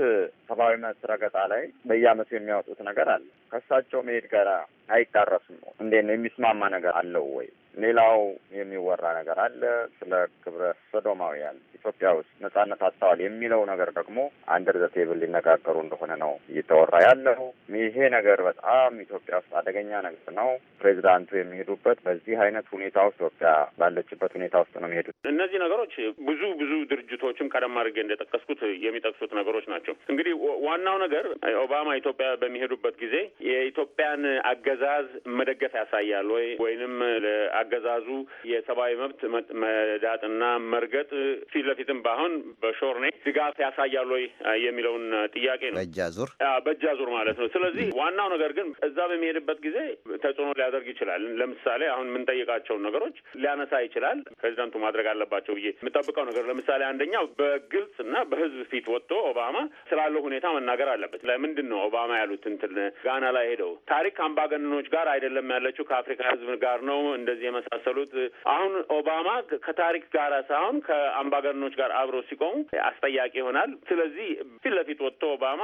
ሰብአዊ መብት ረገጣ ላይ በየአመቱ የሚያወጡት ነገር አለ። ከእሳቸው መሄድ ጋር አይጣረስም ነው። እንዴት ነው የሚስማማ ነገር አለው ወይ? ሌላው የሚወራ ነገር አለ ስለ ክብረ ሶዶማውያን ኢትዮጵያ ውስጥ ነጻነት አጥተዋል የሚለው ነገር ደግሞ አንደር ዘ ቴብል ሊነጋገሩ እንደሆነ ነው እየተወራ ያለው። ይሄ ነገር በጣም ኢትዮጵያ ውስጥ አደገኛ ነገር ነው። ፕሬዚዳንቱ የሚሄዱበት በዚህ አይነት ሁኔታ ውስጥ ኢትዮጵያ ባለችበት ሁኔታ ውስጥ ነው የሚሄዱት። እነዚህ ነገሮች ብዙ ብዙ ድርጅቶችም ቀደም አድርጌ እንደጠቀስኩት የሚጠቅሱት ነገሮች ናቸው። እንግዲህ ዋናው ነገር ኦባማ ኢትዮጵያ በሚሄዱበት ጊዜ የኢትዮጵያን አገዛዝ መደገፍ ያሳያል ወይ ወይንም ለአገዛዙ የሰብአዊ መብት መዳጥና መርገጥ ፊት ለፊትም ባሁን በሾርኔ ድጋፍ ያሳያል ወይ የሚለውን ጥያቄ ነው። በእጃዙር በእጃዙር ማለት ነው። ስለዚህ ዋናው ነገር ግን እዛ በሚሄድበት ጊዜ ተጽዕኖ ሊያደርግ ይችላል። ለምሳሌ አሁን የምንጠይቃቸውን ነገሮች ሊያነሳ ይችላል። ፕሬዚዳንቱ ማድረግ አለባቸው ብዬ የምጠብቅ የምጠብቀው ነገር ለምሳሌ አንደኛው በግልጽ እና በህዝብ ፊት ወጥቶ ኦባማ ስላለው ሁኔታ መናገር አለበት። ለምንድን ነው ኦባማ ያሉት እንትን ጋና ላይ ሄደው ታሪክ አምባገነኖች ጋር አይደለም ያለችው ከአፍሪካ ህዝብ ጋር ነው እንደዚህ የመሳሰሉት አሁን ኦባማ ከታሪክ ጋር ሳይሆን ከአምባገነኖች ጋር አብረው ሲቆሙ አስጠያቂ ይሆናል። ስለዚህ ፊት ለፊት ወጥቶ ኦባማ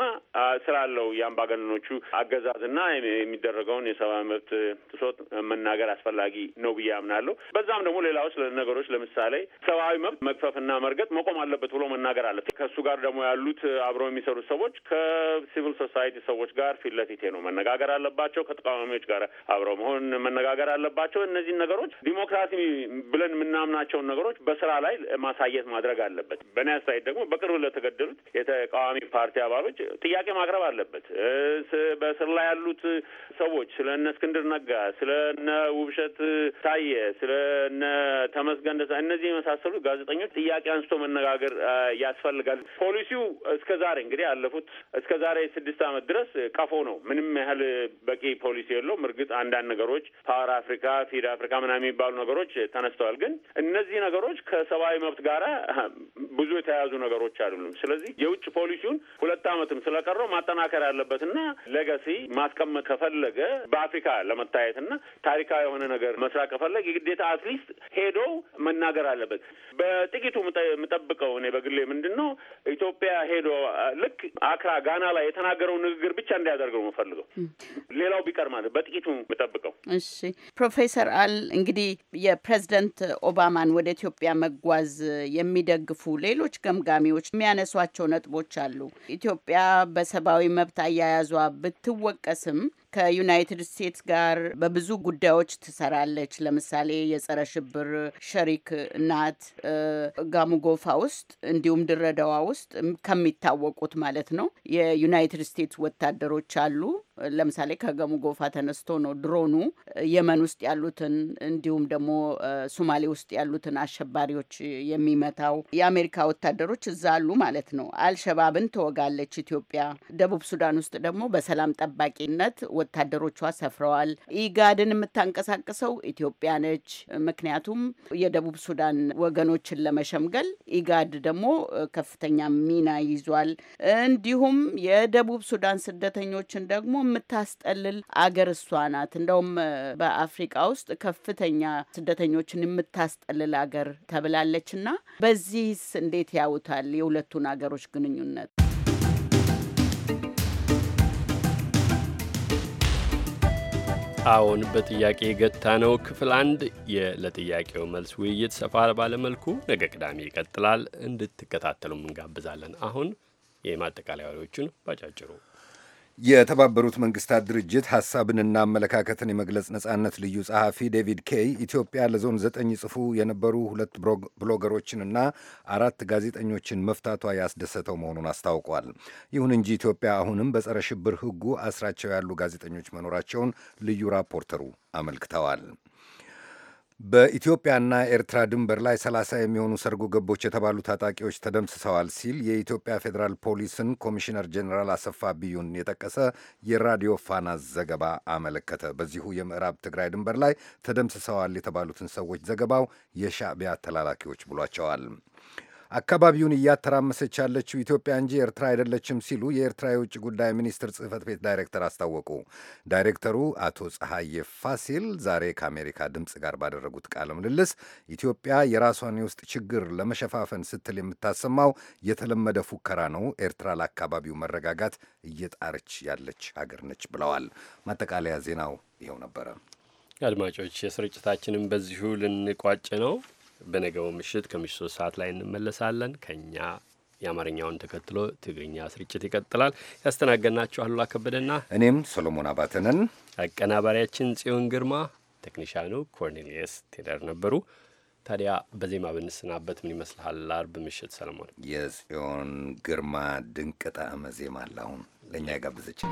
ስላለው የአምባገነኖቹ አገዛዝና የሚደረገውን የሰብአዊ መብት ጥሶት መናገር አስፈላጊ ነው ብዬ አምናለሁ። በዛም ደግሞ ሌላዎች ነገሮች ለምሳሌ ሰብአዊ መብት መግፈፍና መርገጥ መቆም አለበት ብሎ መናገር አለ። ከእሱ ጋር ደግሞ ያሉት አብረው የሚሰሩት ሰዎች ከሲቪል ሶሳይቲ ሰዎች ጋር ፊት ለፊት ነው መነጋገር አለባቸው። ከተቃዋሚዎች ጋር አብረው መሆን መነጋገር አለባቸው። እነዚህን ነገሮች ዲሞክራሲ ብለን የምናምናቸውን ነገሮች በስራ ላይ ማሳየት ማድረግ አለበት። በእኔ አስተያየት ደግሞ በቅርብ ለተገደሉት የተቃዋሚ ፓርቲ አባሎች ጥያቄ ማቅረብ አለበት። በስር ላይ ያሉት ሰዎች ስለ እነ እስክንድር ነጋ፣ ስለ እነ ውብሸት ታየ፣ ስለ እነ ተመስገን ደሳ እነዚህ የመሳሰሉት ጋዜጠኞች ጥያቄ አንስቶ መነጋገር ያስፈልጋል። ፖሊሲው እስከ ዛሬ እንግዲህ ያለፉት እስከ ዛሬ ስድስት ዓመት ድረስ ቀፎ ነው። ምንም ያህል በቂ ፖሊሲ የለውም። እርግጥ አንዳንድ ነገሮች ፓወር አፍሪካ፣ ፊድ አፍሪካ ምናምን የሚባሉ ነገሮች ተነስተዋል። ግን እነዚህ ነገሮች ከሰብአዊ መብት ጋር ብዙ የተያያዙ ነገሮች አይደሉም። ስለዚህ የውጭ ፖሊሲውን ሁለት ዓመትም ስለቀረው ማጠናከር ያለበትና ለጋሲ ማስቀመጥ ከፈለገ በአፍሪካ ለመታየትና ታሪካዊ የሆነ ነገር መስራት ከፈለገ የግዴታ አትሊስት ሄዶ መናገር አለበት። በጥቂቱ የምጠብቀው እኔ በግሌ ምንድን ነው ኢትዮጵያ ሄዶ ልክ አክራ ጋና ላይ የተናገረውን ንግግር ብቻ እንዲያደርገው የምፈልገው ሌላው ቢቀር ማለት በጥቂቱ የምጠብቀው። እሺ ፕሮፌሰር አል እንግዲህ የፕሬዚደንት ኦባማን ወደ ኢትዮጵያ መጓዝ የሚደግፉ ሌሎች ገምጋሚዎች የሚያነሷቸው ነጥቦች አሉ። ኢትዮጵያ በሰብአዊ መብት አያያዟ ብትወቀስም ከዩናይትድ ስቴትስ ጋር በብዙ ጉዳዮች ትሰራለች። ለምሳሌ የጸረ ሽብር ሸሪክ ናት ጋሙጎፋ ውስጥ እንዲሁም ድሬዳዋ ውስጥ ከሚታወቁት ማለት ነው የዩናይትድ ስቴትስ ወታደሮች አሉ። ለምሳሌ ከገሙ ጎፋ ተነስቶ ነው ድሮኑ የመን ውስጥ ያሉትን እንዲሁም ደግሞ ሶማሌ ውስጥ ያሉትን አሸባሪዎች የሚመታው። የአሜሪካ ወታደሮች እዛ አሉ ማለት ነው። አልሸባብን ትወጋለች ኢትዮጵያ። ደቡብ ሱዳን ውስጥ ደግሞ በሰላም ጠባቂነት ወታደሮቿ ሰፍረዋል። ኢጋድን የምታንቀሳቅሰው ኢትዮጵያ ነች። ምክንያቱም የደቡብ ሱዳን ወገኖችን ለመሸምገል ኢጋድ ደግሞ ከፍተኛ ሚና ይዟል። እንዲሁም የደቡብ ሱዳን ስደተኞችን ደግሞ የምታስጠልል አገር እሷ ናት። እንደውም በአፍሪቃ ውስጥ ከፍተኛ ስደተኞችን የምታስጠልል አገር ተብላለች። እና በዚህስ እንዴት ያውታል የሁለቱን አገሮች ግንኙነት? አዎን በጥያቄ ገታ ነው። ክፍል አንድ ለጥያቄው መልስ ውይይት ሰፋ ባለመልኩ ነገ ቅዳሜ ይቀጥላል። እንድትከታተሉም እንጋብዛለን። አሁን የማጠቃለያ ባጫጭሩ የተባበሩት መንግስታት ድርጅት ሐሳብንና አመለካከትን የመግለጽ ነጻነት ልዩ ጸሐፊ ዴቪድ ኬይ ኢትዮጵያ ለዞን ዘጠኝ ጽፉ የነበሩ ሁለት ብሎገሮችንና አራት ጋዜጠኞችን መፍታቷ ያስደሰተው መሆኑን አስታውቋል። ይሁን እንጂ ኢትዮጵያ አሁንም በጸረ ሽብር ሕጉ አስራቸው ያሉ ጋዜጠኞች መኖራቸውን ልዩ ራፖርተሩ አመልክተዋል። በኢትዮጵያና ኤርትራ ድንበር ላይ 30 የሚሆኑ ሰርጎ ገቦች የተባሉ ታጣቂዎች ተደምስሰዋል ሲል የኢትዮጵያ ፌዴራል ፖሊስን ኮሚሽነር ጀኔራል አሰፋ ቢዩን የጠቀሰ የራዲዮ ፋና ዘገባ አመለከተ። በዚሁ የምዕራብ ትግራይ ድንበር ላይ ተደምስሰዋል የተባሉትን ሰዎች ዘገባው የሻዕቢያ ተላላኪዎች ብሏቸዋል። አካባቢውን እያተራመሰች ያለችው ኢትዮጵያ እንጂ ኤርትራ አይደለችም ሲሉ የኤርትራ የውጭ ጉዳይ ሚኒስትር ጽህፈት ቤት ዳይሬክተር አስታወቁ። ዳይሬክተሩ አቶ ፀሐዬ ፋሲል ዛሬ ከአሜሪካ ድምፅ ጋር ባደረጉት ቃለ ምልልስ ኢትዮጵያ የራሷን የውስጥ ችግር ለመሸፋፈን ስትል የምታሰማው የተለመደ ፉከራ ነው፣ ኤርትራ ለአካባቢው መረጋጋት እየጣረች ያለች ሀገር ነች ብለዋል። ማጠቃለያ ዜናው ይኸው ነበረ። አድማጮች የስርጭታችንን በዚሁ ልንቋጭ ነው። በነገው ምሽት ከምሽት ሶስት ሰዓት ላይ እንመለሳለን። ከኛ የአማርኛውን ተከትሎ ትግርኛ ስርጭት ይቀጥላል። ያስተናገድናችሁ አሉላ ከበደና እኔም ሰሎሞን አባተንን፣ አቀናባሪያችን ጽዮን ግርማ፣ ቴክኒሻኑ ኮርኔሊየስ ቴደር ነበሩ። ታዲያ በዜማ ብንሰናበት ምን ይመስልሃል? አርብ ምሽት ሰለሞን፣ የጽዮን ግርማ ድንቅ ጣዕመ ዜማ አለ አሁን ለእኛ የጋብዘችን